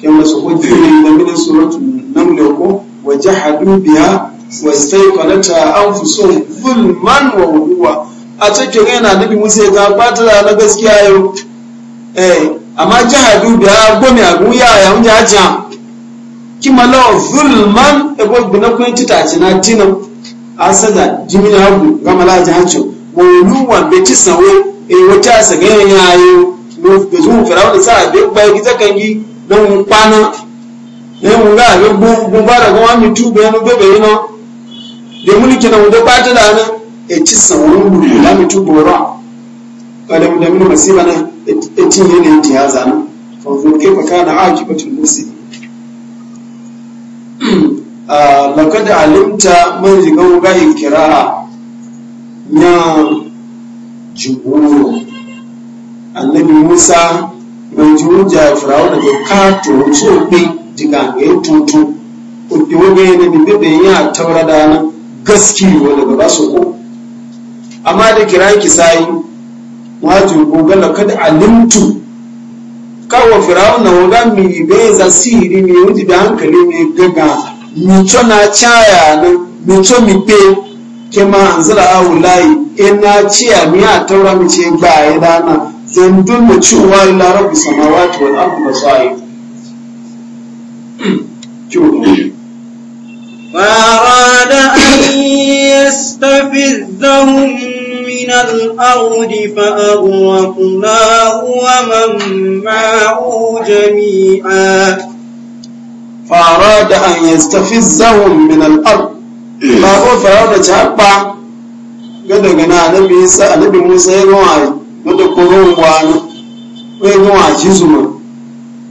kyan su ko da mini suratu namle ko wa jahadu biya wastaiqanata anfusuhum man wa uluwa a cikin yana nabi musa ga bata da na gaskiya yau eh amma jahadu da gomi agu ya ya mun jaja ki law zulman e bo bina kun tita tina tina asada jimina hagu e eh, ga mala jahancho wa uluwa be ti sawo e wata saga yayo no be zu firawun sa be bai gizakangi don kwana ne mun ga be bu bu bara ga wani tu be no be be no da mulki na wadda ba ta da nan e ci saurin gudu ya mutu gora ba da da mini masiba na e ci ne ne ta ya zanu fa zo ke fa kana aqibatul musi a ah, laqad alimta man jigan ga ikra ya juburu annabi musa mai juja firawuna da kato tsofi diga ga tutu ko ki wobe ne bi bebe ya taura da nan Gaskiya wanda ba su ko amma da kira ki sai wato gogala kada alimtu kawo firawun na wanda mi be za siri mi wuti da hankali mi gaga mi na caya na mi to mi pe ke ma anzala awulai ina ciya mi a taura mi ce ba ya dana zan ci wa ila rabbi samawati wal ardi basair فأراد أن يستفزهم من الأرض فأغرقناه ومن معه جميعا فأراد أن يستفزهم من الأرض Bako farauta ta haɓa ga daga na annabi Isa annabi Musa ya gawa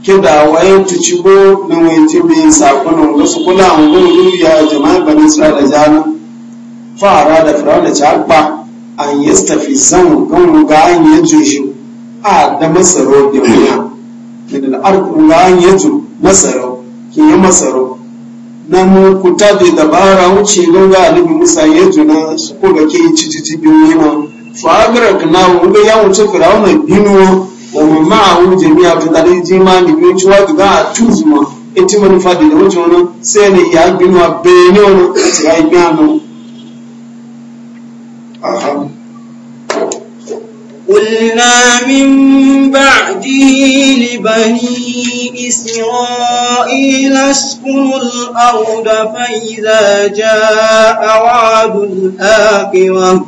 kida wayan tu cibo bo na waye ti bi sakono su kula an gulu ya jama'a bani da jana fara da fir'auna ci akpa an yastafizan kan ga an yanzu shi a da masaro da wuya min da arku ga an yanzu masaro ke yi masaro na mu kuta da dabara wuce don ga alibi musa yanzu na su ko ga ke ci ci biyu ma fa agrak na wuga ya wuce fir'auna binuwa domin ma'awun jami'a tun dalin jimani biyu cewa duga a tuzuma ita manufa da da wuce wani sai ne قلنا من بعده لبني إسرائيل اسكنوا الأرض فإذا جاء وعد الآخرة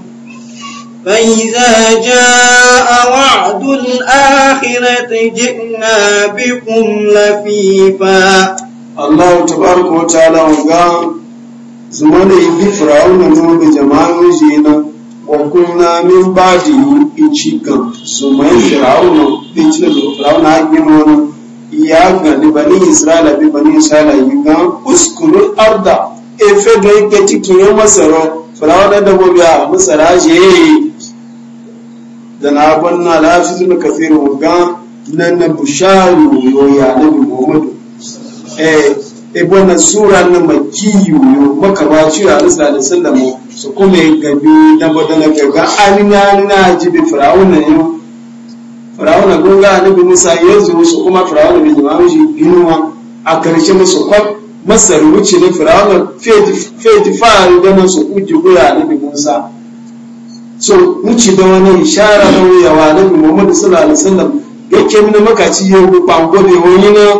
فإذا جاء وعد الآخرة جئنا بكم لفيفا الله تبارك وتعالى وقال زمان يبي فرعون نوم جماعة جينا وقلنا من بعده إيشيكا زمان فرعون إتشيكا فرعون أجنون إياغا لبني إسرائيل ببني إسرائيل يقال اسكنوا الأرض إفدوا إكتكي يوم سرو فرعون دبوا بها مسراجي da na banna lafizu na kasiru ga nan na busharu yoya na bi muhammadu eh ibo e na sura na makiyu yo maka ba ci ya risa da sallama su kuma gabi na badana gaga alina alina ji bi fir'auna yo fir'auna gunga na bi musa yanzu su kuma fir'auna bi jimamu shi binuwa a karshe musu kwab masar wuce ne fir'auna fe ti fa'ari da su uji goya na bi musa so muci da wani ishara na wuyawa na muhammad sallallahu alaihi wasallam yake mina makaci ya hu pango da wani na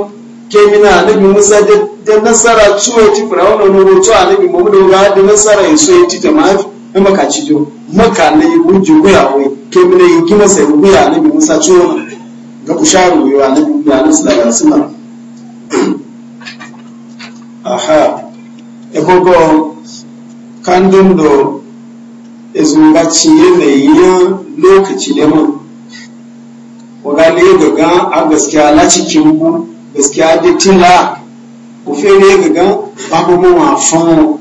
ke mina nabi musa da nasara tuwa ti wani na roto a nabi muhammad ga da nasara ya so ya ti jama'a na makaci jo maka na yi buji wuya wai ke mina yi gina sai wuya nabi musa tuwa ga kusharu yawa nabi muhammad sallallahu alaihi wasallam aha e gogo kandun do izunga ciye mai yin lokaci ne mun waga ne gaga a gaskiya la cikin ku gaskiya da tila ku fere gaga babu mu wafon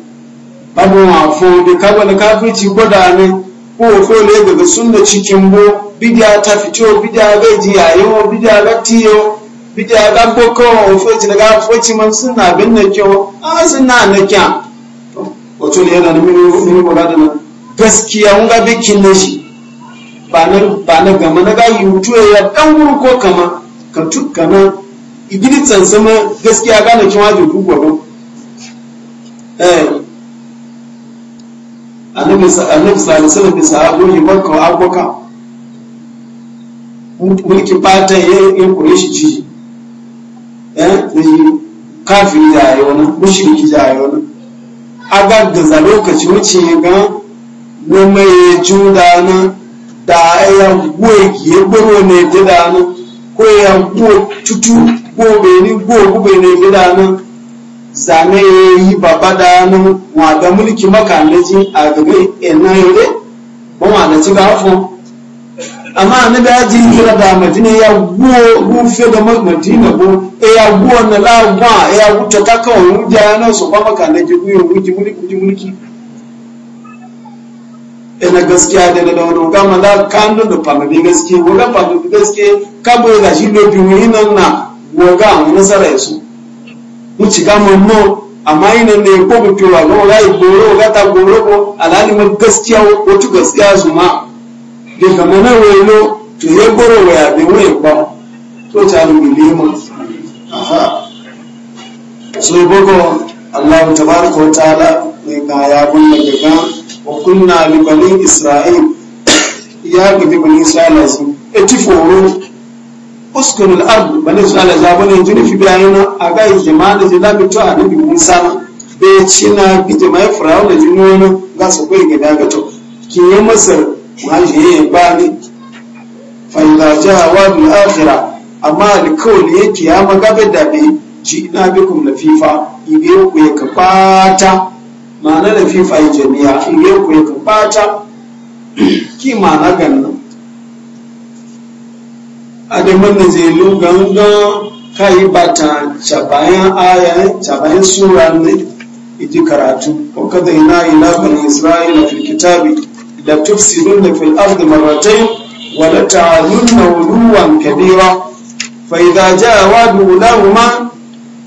babu wafon da kaba da kafirci gwada ne ko ko ne gaga sunna cikin mu bidiya ta fito bidiya ga ji yayo bidiya ga tiyo bidiya ga boko ofoci daga ofoci man suna bin na kyau a suna na kyau wato ne yana da mini mura da nan gaskiya ga bikin na shi ba na gama na ga yutu ya dan guru ko kama ka tukana igini tsansama gaskiya kiwa da wajen gugwaro eh annabi annabi sallallahu alaihi wasallam yi barka aboka mulki fata ya ya kore shi ji eh kafin da ayyona mushriki da ayyona agar da za lokaci wuce ga no mai judana da ayan gwe ki gboro ne jidana ko ya gwo tutu gwo be ni gwo gube ne jidana zane yi baba dana wa ga mulki makalaji a gabe enayore ba ma da ci gafo amma annabi ya ji hira da madina ya guwo rufe da ma madina ko e ya guwo na lagwa e ya ka kakawa wuja na su ba maka na ji guyo mulki mulki mulki ina gaskiya da da wani ga maza kandun da fanabi gaske waga fanabi gaske kabo da shi ne biyu nan na waga mu nasara yasu mu ci ga mun no amma ina ne ko bi fiwa ga waga goro waga ta goro ko alali mu gaskiya wato gaskiya su ma de kamar na welo to ye goro wa ya be we ba to ta lu limo aha so boko Allah tabaraka wa ta'ala ne ka ya bunne daga wa bani isra'il ya ga bi bani isra'ila su eti foro uskun al bani isra'ila za bani jini fi bayana a ga jama'a da labi to annabi musa be cina bi jama'a fir'aun da jini wani ga su kai to ki yi masar ma je ya bani fa idza jaa wa bil akhirah amma alkawali yake ya magabe da bai na bikum lafifa ibe ku ya kabata ma'ana da fifa jami'a a iya ku yi ka bata ki ma'ana ganin. a da manna zai lugan ka yi bata cabayan cabayan sura ne iji karatu ko kada ina ila bani isra'ila fil kitabi la tufsiduna fil ardi marratayn wa la ta'alunna uluwan kabira fa idza jaa wa'du lahuma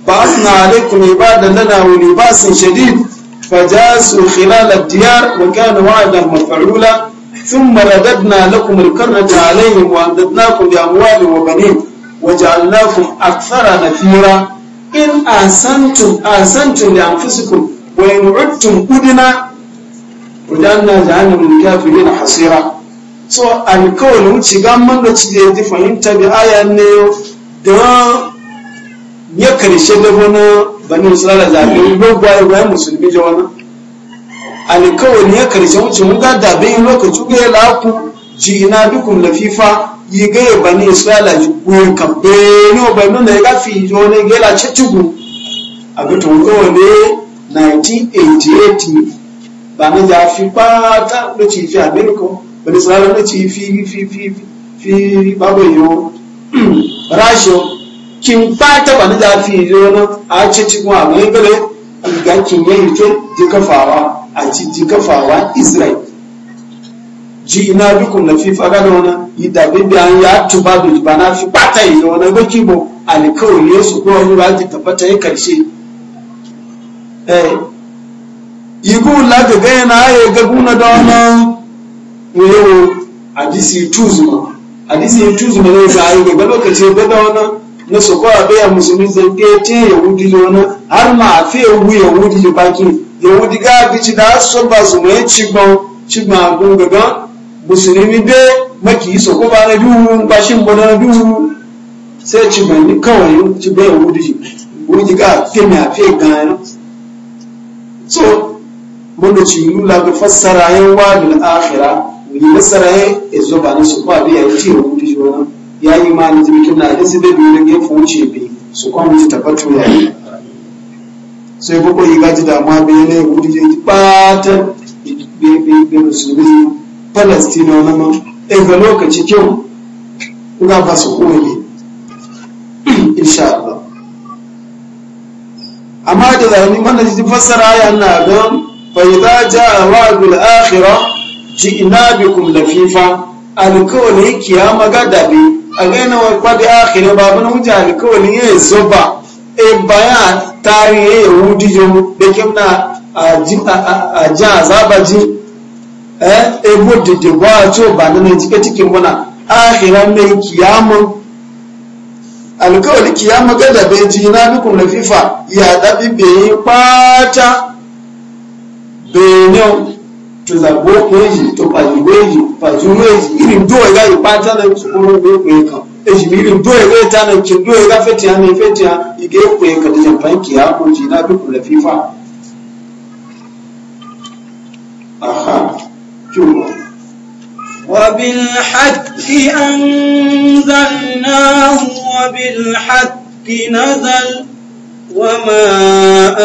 ba'athna alaykum ibadan lana wa libasan shadid فجاسوا خلال الديار وكان وعدا مفعولا ثم رددنا لكم الكرة عليهم وأمددناكم بأموال وبنين وجعلناكم أكثر نفيرا إن أحسنتم أحسنتم لأنفسكم وإن عدتم أدنا وجعلنا جهنم للكافرين حصيرا so alkawalin wuce gamman da ci da fahimta da aya ne don ya karshe da wani bani israila zaɓi gbogbo ayyukan musulmi da wani alkawari ya karshe wuce mun ga dabe yin lokaci ga ya laku ji ina dukun lafifa yi ga ya bani israila ji kuyin kambe ne o bai nuna ya gafi jo ne ga la cicugu a ga to ko ne 1988 ba na ja fi pata do ci fi america bani israila do ci fi fi fi fi babu yo rashin kin fata ba ni zafi zo na a ce cikin a mai gare ga kin yi ke ji kafawa a ci ji kafawa israel ji ina dukun na fifa ga da wani yi dabe da an ya tuba da ba na fi bata yi da wani baki bo alikawai yesu ko wani ba ta tabbata ya karshe eh, igu la gaga yana ya gagu na da wani yau a disi tuzuma a disi tuzuma ne ga ayi ga lokaci ga da wani na su kwa abiya musulmi zai kete yahudi lona har ma fi ewu yahudi da baki yahudi ga bici da su ba su mai cigban cigban gungaga musulmi be maki su ko ba duhu bashin ba duhu sai cigban ni kawai cigban yahudi yahudi ga fi mai fi gana so mun da ci nula ga fassara yan wadul akhira ni fassara yan ezo ba na su kwa abiya yahudi yahudi lona ya yi ma ni tun da hadisi da biyu ne ya fuce bi su kwan wuce tabbatu ya yi sai ko yi gaji da ma bi ne wuce je ki bata bi musulmi palestina na ma e ga lokaci kyau kuna ba su koyi insha Allah amma da zani mana ji fassara ya na ga fa idza jaa wa'dul akhirah ji'na bikum lafifa alkawalin kiyama gadabe a gaina wa kwadi akhira babu na wuce alkawali ya zuba e baya tari ya yahudi yo da kimna a ji azaba ji e gudu e da ba to ba na ne cike cikin muna akhira ne kiyamun alkawali kiyama gada be ji na dukun na fifa ya dabi bai yi kwata tuzagbo eji topajigbo eji pajuru irin doye ga ipa ne وبالحق أنزلناه وبالحق نزل وما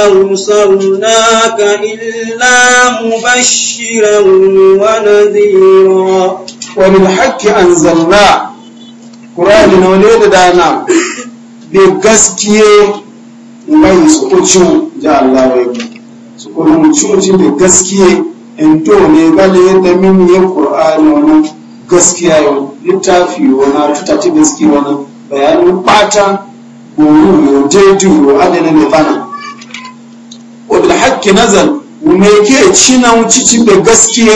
أرسلناك إلا مبشرا ونذيرا وبالحق أنزلنا قرآن نوليد دانا بقسكيه mai su kucin da Allah wai su kuma mutuncin da gaskiye in to ne gale yadda min ya qur'ani wannan gaskiya yau littafi wannan tutati gaskiya wannan bayanin bata wuru yo jeju yo adana ne bana wadda haƙƙi nazar wume ke ci na wuci cin da gaskiya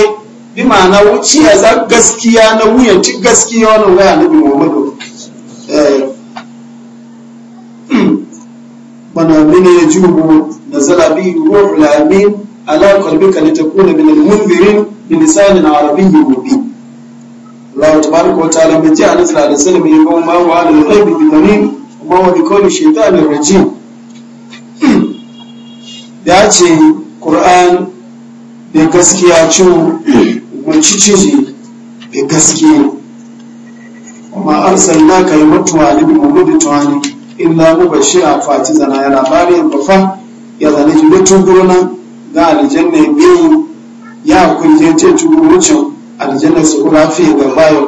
bi ma'ana wuci ya za gaskiya na wuyan ci gaskiya wani waya na bi muhammadu bana mini ya jubu na zalabi ruhul amin ala qalbika kuna min al-munzirin bi lisanin arabiyyin mubin Allah tabaraka wa ta'ala bi ji annabi sallallahu da wasallam ya ga ma wa al-ghaibi bi ma wani kawai da rajim ya ce ƙoran da gaskiya cin wacce ce da gaskiya kuma an sanna ka yi mutuwa ne bi mamudu tuwani inda mu shi a fati zana ya labari yin bafa ya zane ji da tunguruna ga na biyu ya kunje ce tungurucin aljanna su kura fiye ga bayan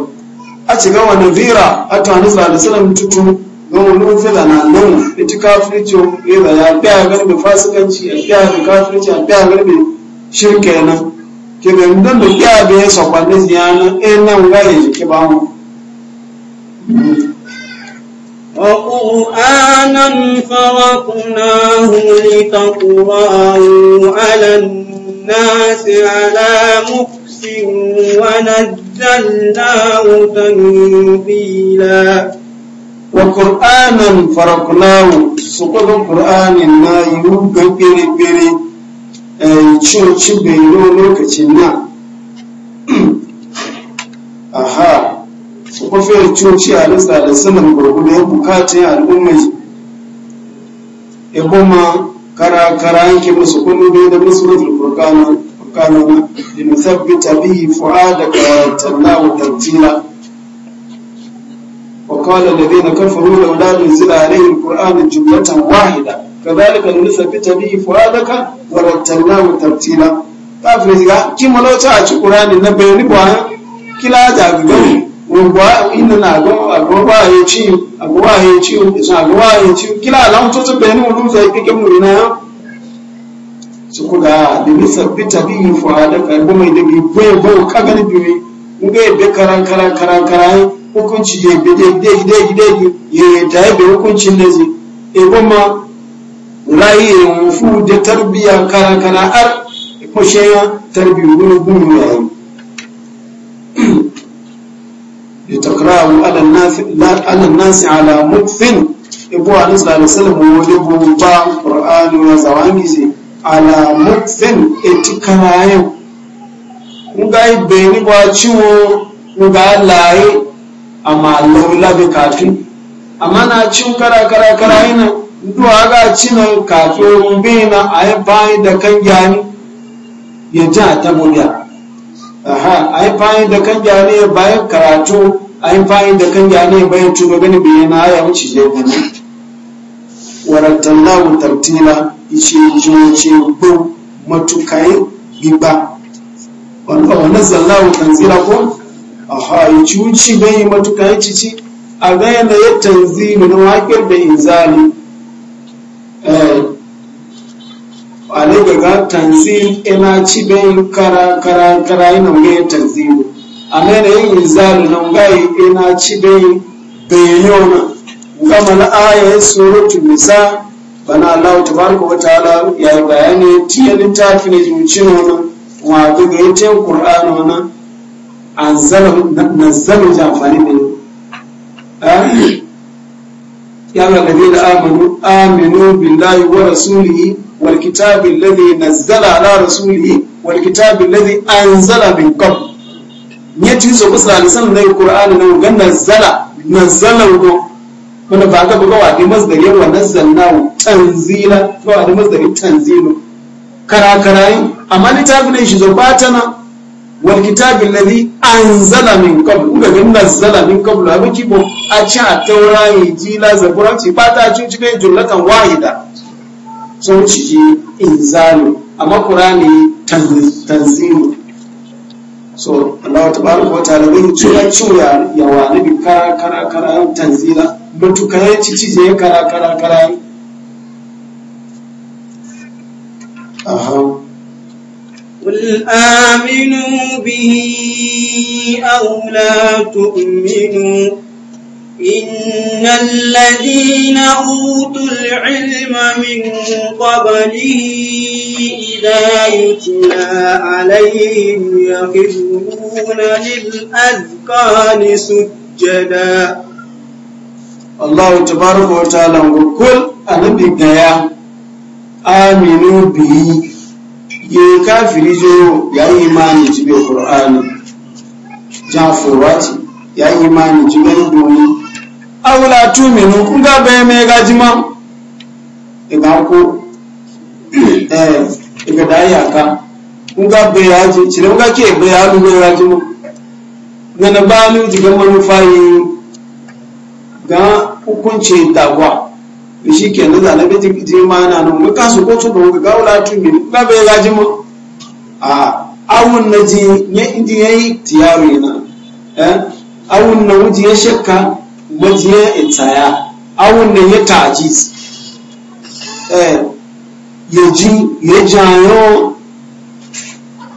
a cikin wani vira a tuwanin sallallahu alaihi tutu don wani na nan eh, da ci kafirci rera ya biya garbe fasikanci ya biya da kafirci ya biya garbe shirka yana ke ga don da biya da ya sakwanne ya nan eh nan ga ya ba mu وقرآنا فرقناه لتقرأه على الناس على مكس ونزلناه تنزيلا wa qur'anan faraknahu su ko qur'anin na yu ga pere pere eh cho chi be lokacin na aha su ko fe cho chi a lissa da saman gurgudu ya bukatun al'ummai e kuma kara kara yake musu kullu da musulul furqana furqana li nuthabbita bihi fuadaka tallahu tabtila وقال الذين كفروا لولا نزل عليه القرآن جملة واحدة كذلك لنثبت به فؤادك ورتلناه ترتيلا kafin shiga kin a ci ƙurani na bayani ba kila da gani ruwa inda na agwagwa ya ci agwagwa ya ci isa agwagwa ya ci kila alamun ta bayani wa lumza ya kike mu ina su kuga da nisa bita biyu fuhada ka goma da biyu bai bai ka karan karan karan karan hukunci daidai ya tayi da hukuncin da zai e goma rayi ya mufu da tarbiya kana kana ar e ko sheya tarbiyu gunu da yayi ya takrahu alan nasi ala mutfin ibu e a sallallahu alaihi wasallam wani ba qur'ani wa zawangi sai ala mutfin etikana yau kun ga ibe ni ba ciwo kun ga laye amma laula bi kafi amma na cin kara kara kara ina duwa ga cin kafi mun na ai bai da kan gani ya ta ta buga aha ai bai da kan gani bai karatu ai bai da kan gani bayan tuba gani bai na ya wuce je gani warattallahu tartila ice jince bu matukai biba wannan zallahu tanzila ko aha yi cuci bai matuka yi cici a gaya na ya tanzilu na wakil da inzali eh, a ne gaga tanzil ina ci bai kara kara kara yi na ya tanzilu a ne na yin inzali na gaya ina ci bai bayyana gama na ayayin suratul nisa bana Allah tabaraka wa ta'ala ya yi bayani tiya littafi ne jimcin wani wa daga yace Qur'ani wannan nazzalu ji amfani da yau ya lalabe da amanu aminu billahi wa rasulihi wal kitabi alladhi nazzala ala rasulihi wal kitabi alladhi anzala min qabl ne ci so kusa da san da qur'ani na ga nazzala nazzala go wanda ba ga buga wa dai masdari wa nazzalna tanzila to wa dai masdari tanzilu karakarayi amma littafin shi zo batana wal kitabi alladhi anzala min qabl uga ga nazzala min qabl abin kibo a ci a taura injila zabura ci ba ta ci cikin jumlatan wahida sun ciki inzalu amma qur'ani tanzilu so Allah tabaraka wa ta'ala bin cura cura ya wa nabi kara kara kara tanzila mutuka ya ci cije kara kara kara aha قل آمنوا به أو لا تؤمنوا إن الذين أوتوا العلم من قبله إذا يتلى عليهم يخرون للأذقان سجدا الله تبارك وتعالى قل أنا بقيا آمنوا به yin kafiri zo ya yi ti jibe qur'ani jan furati ya yi imani jibe doni awula tuminu kun ga bai mai gajima idan ku eh iga da yaka kun ga bai ya ji cire kun ga ya lu bai gana ba lu manufa yi ga hukunci dagwa da shi ke na zalabe ji mana nan muka kasu ko tun da tun gaula tumi na bai zaji mu a awun na ji ya inji yayi tiyaru na eh, awun na wuji ya shakka wuji ya itaya awun na ya taji eh, ya ji ya jayo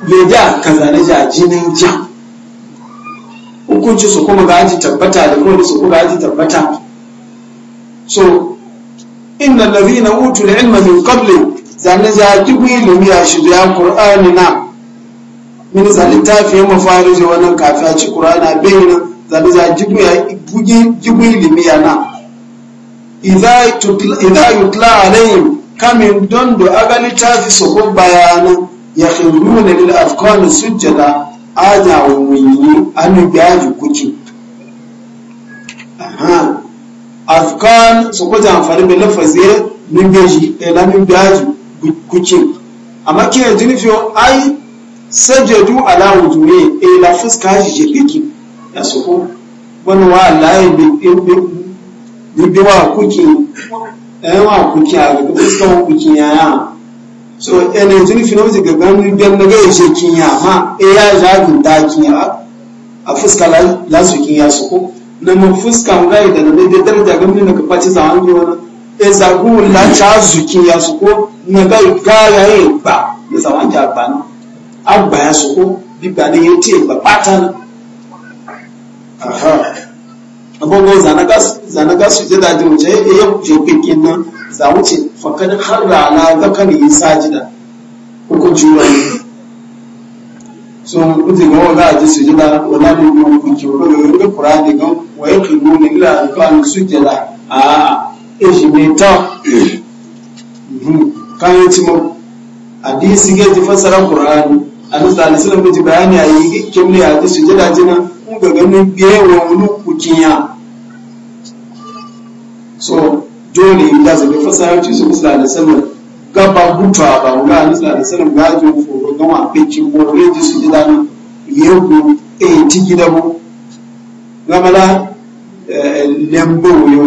ya da kaza na jajinin ja hukunci su kuma ga aji tabbata da kuma su kuma aji tabbata so inna allazina utul ilma min qabli zanne za ki ku ilmi ya shi ya qur'ani na min zalita fi mafarij wannan kafi a ci qur'ana bayin zanne za ki ku ya ki ku ilmi ya na idza tutla idza yutla alaihim kamin dondo agali tafi sokon bayana ya khiruna lil afkani sujjada aja wa munyi anu gaji kuki aha arkan su kuja amfani da lafazi min beji ila min kuke amma ke jini fiyo ai sajadu ala wujuhi ila fuska shi je kiki ya su ko wani wa Allah ya bi wa kuke eh wa kuke a ga fuska kuke yaya so ene jini fiyo ji ga ganu dan na ga je kinya ha eh ya ja gun a fuska la su kinya su ko na mafuska ngai da na daidai daraja gamni ka kafaci za hangi wani e zagu la cha zuki ya su ko na ga gaya ya ba na za hangi agba na agba ya su ko bigba ne ya ce ba pata na aha abubuwan ga su je da jirgin e ya yi jokikin nan za wuce fakar harra da zakar yi sajida ko ko juwa ne so kuti ga wanda a ji su jida wala ne ga hukunci wala ga ga kurani ga wa yaqilu ne ila alqan sujada a eji me ta kan yi mo hadisi ji fasara qur'ani annabi sallallahu alaihi ba bayani a yi kimne a ji sujada jina ku ga wani kukiya so dole ya zabi fasara ci su gaba gutu a ba wula ni tsari sanin gajo foro gama pekin ko reji su gida ni yego e ti gida mu gamala eh, lembo yo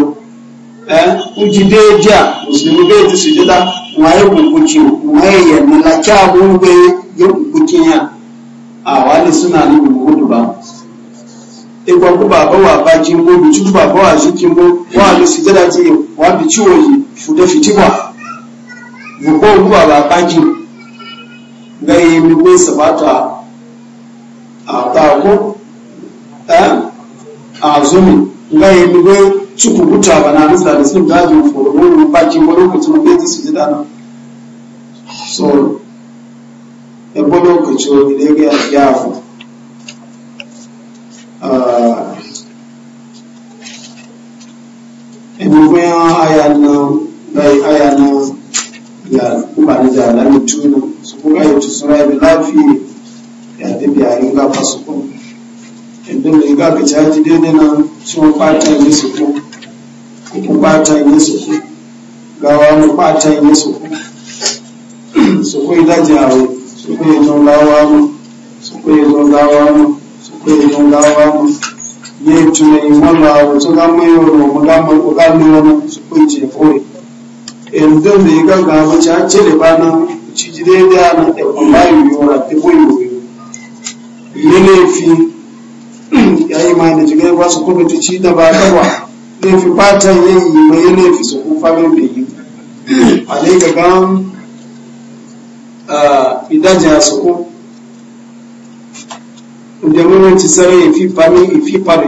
eh uji deja muslimi be su gida waye kunkuci waye ya mala cha mu be ya kunkuci ya a wani suna ni gudu ba ikwa e ku baba wa ba jimbo bicu baba wa shi jimbo wa ni su gida ce wa bicu wa shi fuda fitiwa zuko ruwa ba kaki ga yi migun sabata a tako a zumi ga yi migun cikin buta ba na nisa da sun dajin foro baki wani mutum bai ji su dana so yabo ne ga ya fi jihar kuma da na mutu su kuma ya ci suna bi lafiya ya ta biya yin gafa su kun idan da ga ka caji daidai na sun fata yi su kun kun fata yi su kun gawa mu fata yi su kun su kun da jihar su kun yi don gawa mu su kun yi don gawa mu su kun yi don gawa mu ne tunai wannan wasu gamu yi wani mu gamu wani su kun ce kawai yanzu da yi ganga mace a da bana ci ji daidai da kuma yi yiwuwa ta boyo yi laifi ya yi ma da jigai ba su kuma ta ci da ba kawa laifi fatan yin yi mai laifi su kufa min bai yi a ne ga gan su ku da mun ci sarai ifi fami ifi fa da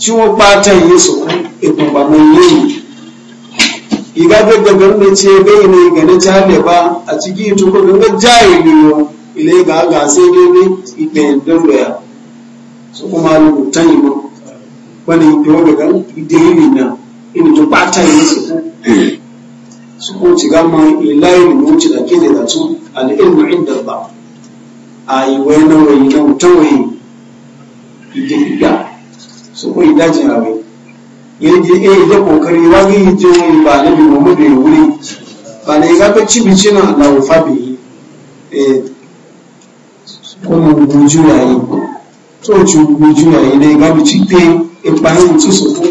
tí wọ́n bá tẹ̀yìn yìí sọ̀kú ìpùnpà mọ́ yìí ìgá gbẹgbẹ gbẹrún tí ẹgbẹ́ ilé ìgẹ̀nẹ́ tí a lè bá àti kí ìtukọ̀ gbẹgbẹ já ìlú ilé gàgà sí dédé máa lò mọ́ ní ìpè wọ́n ìdè ti ká mọ ti dà kéde dàtú àti ìlú ìdàgbà náà yìí ìdè ìgbà su ko ya awe yaje eh da kokari yi je wani ba na bi eh, mu da wuri ba ne ga ci bici na Allah fa bi kuma buju yayi to ne ga bici pe e pa su ko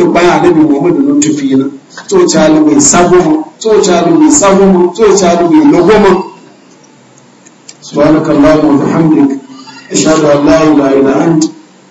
e pa ya da mu da no tufi na to cha lu mai sabo to cha lu mai sabo to cha lu mai logomo سبحانك اللهم وبحمدك أشهد أن لا إله إلا أنت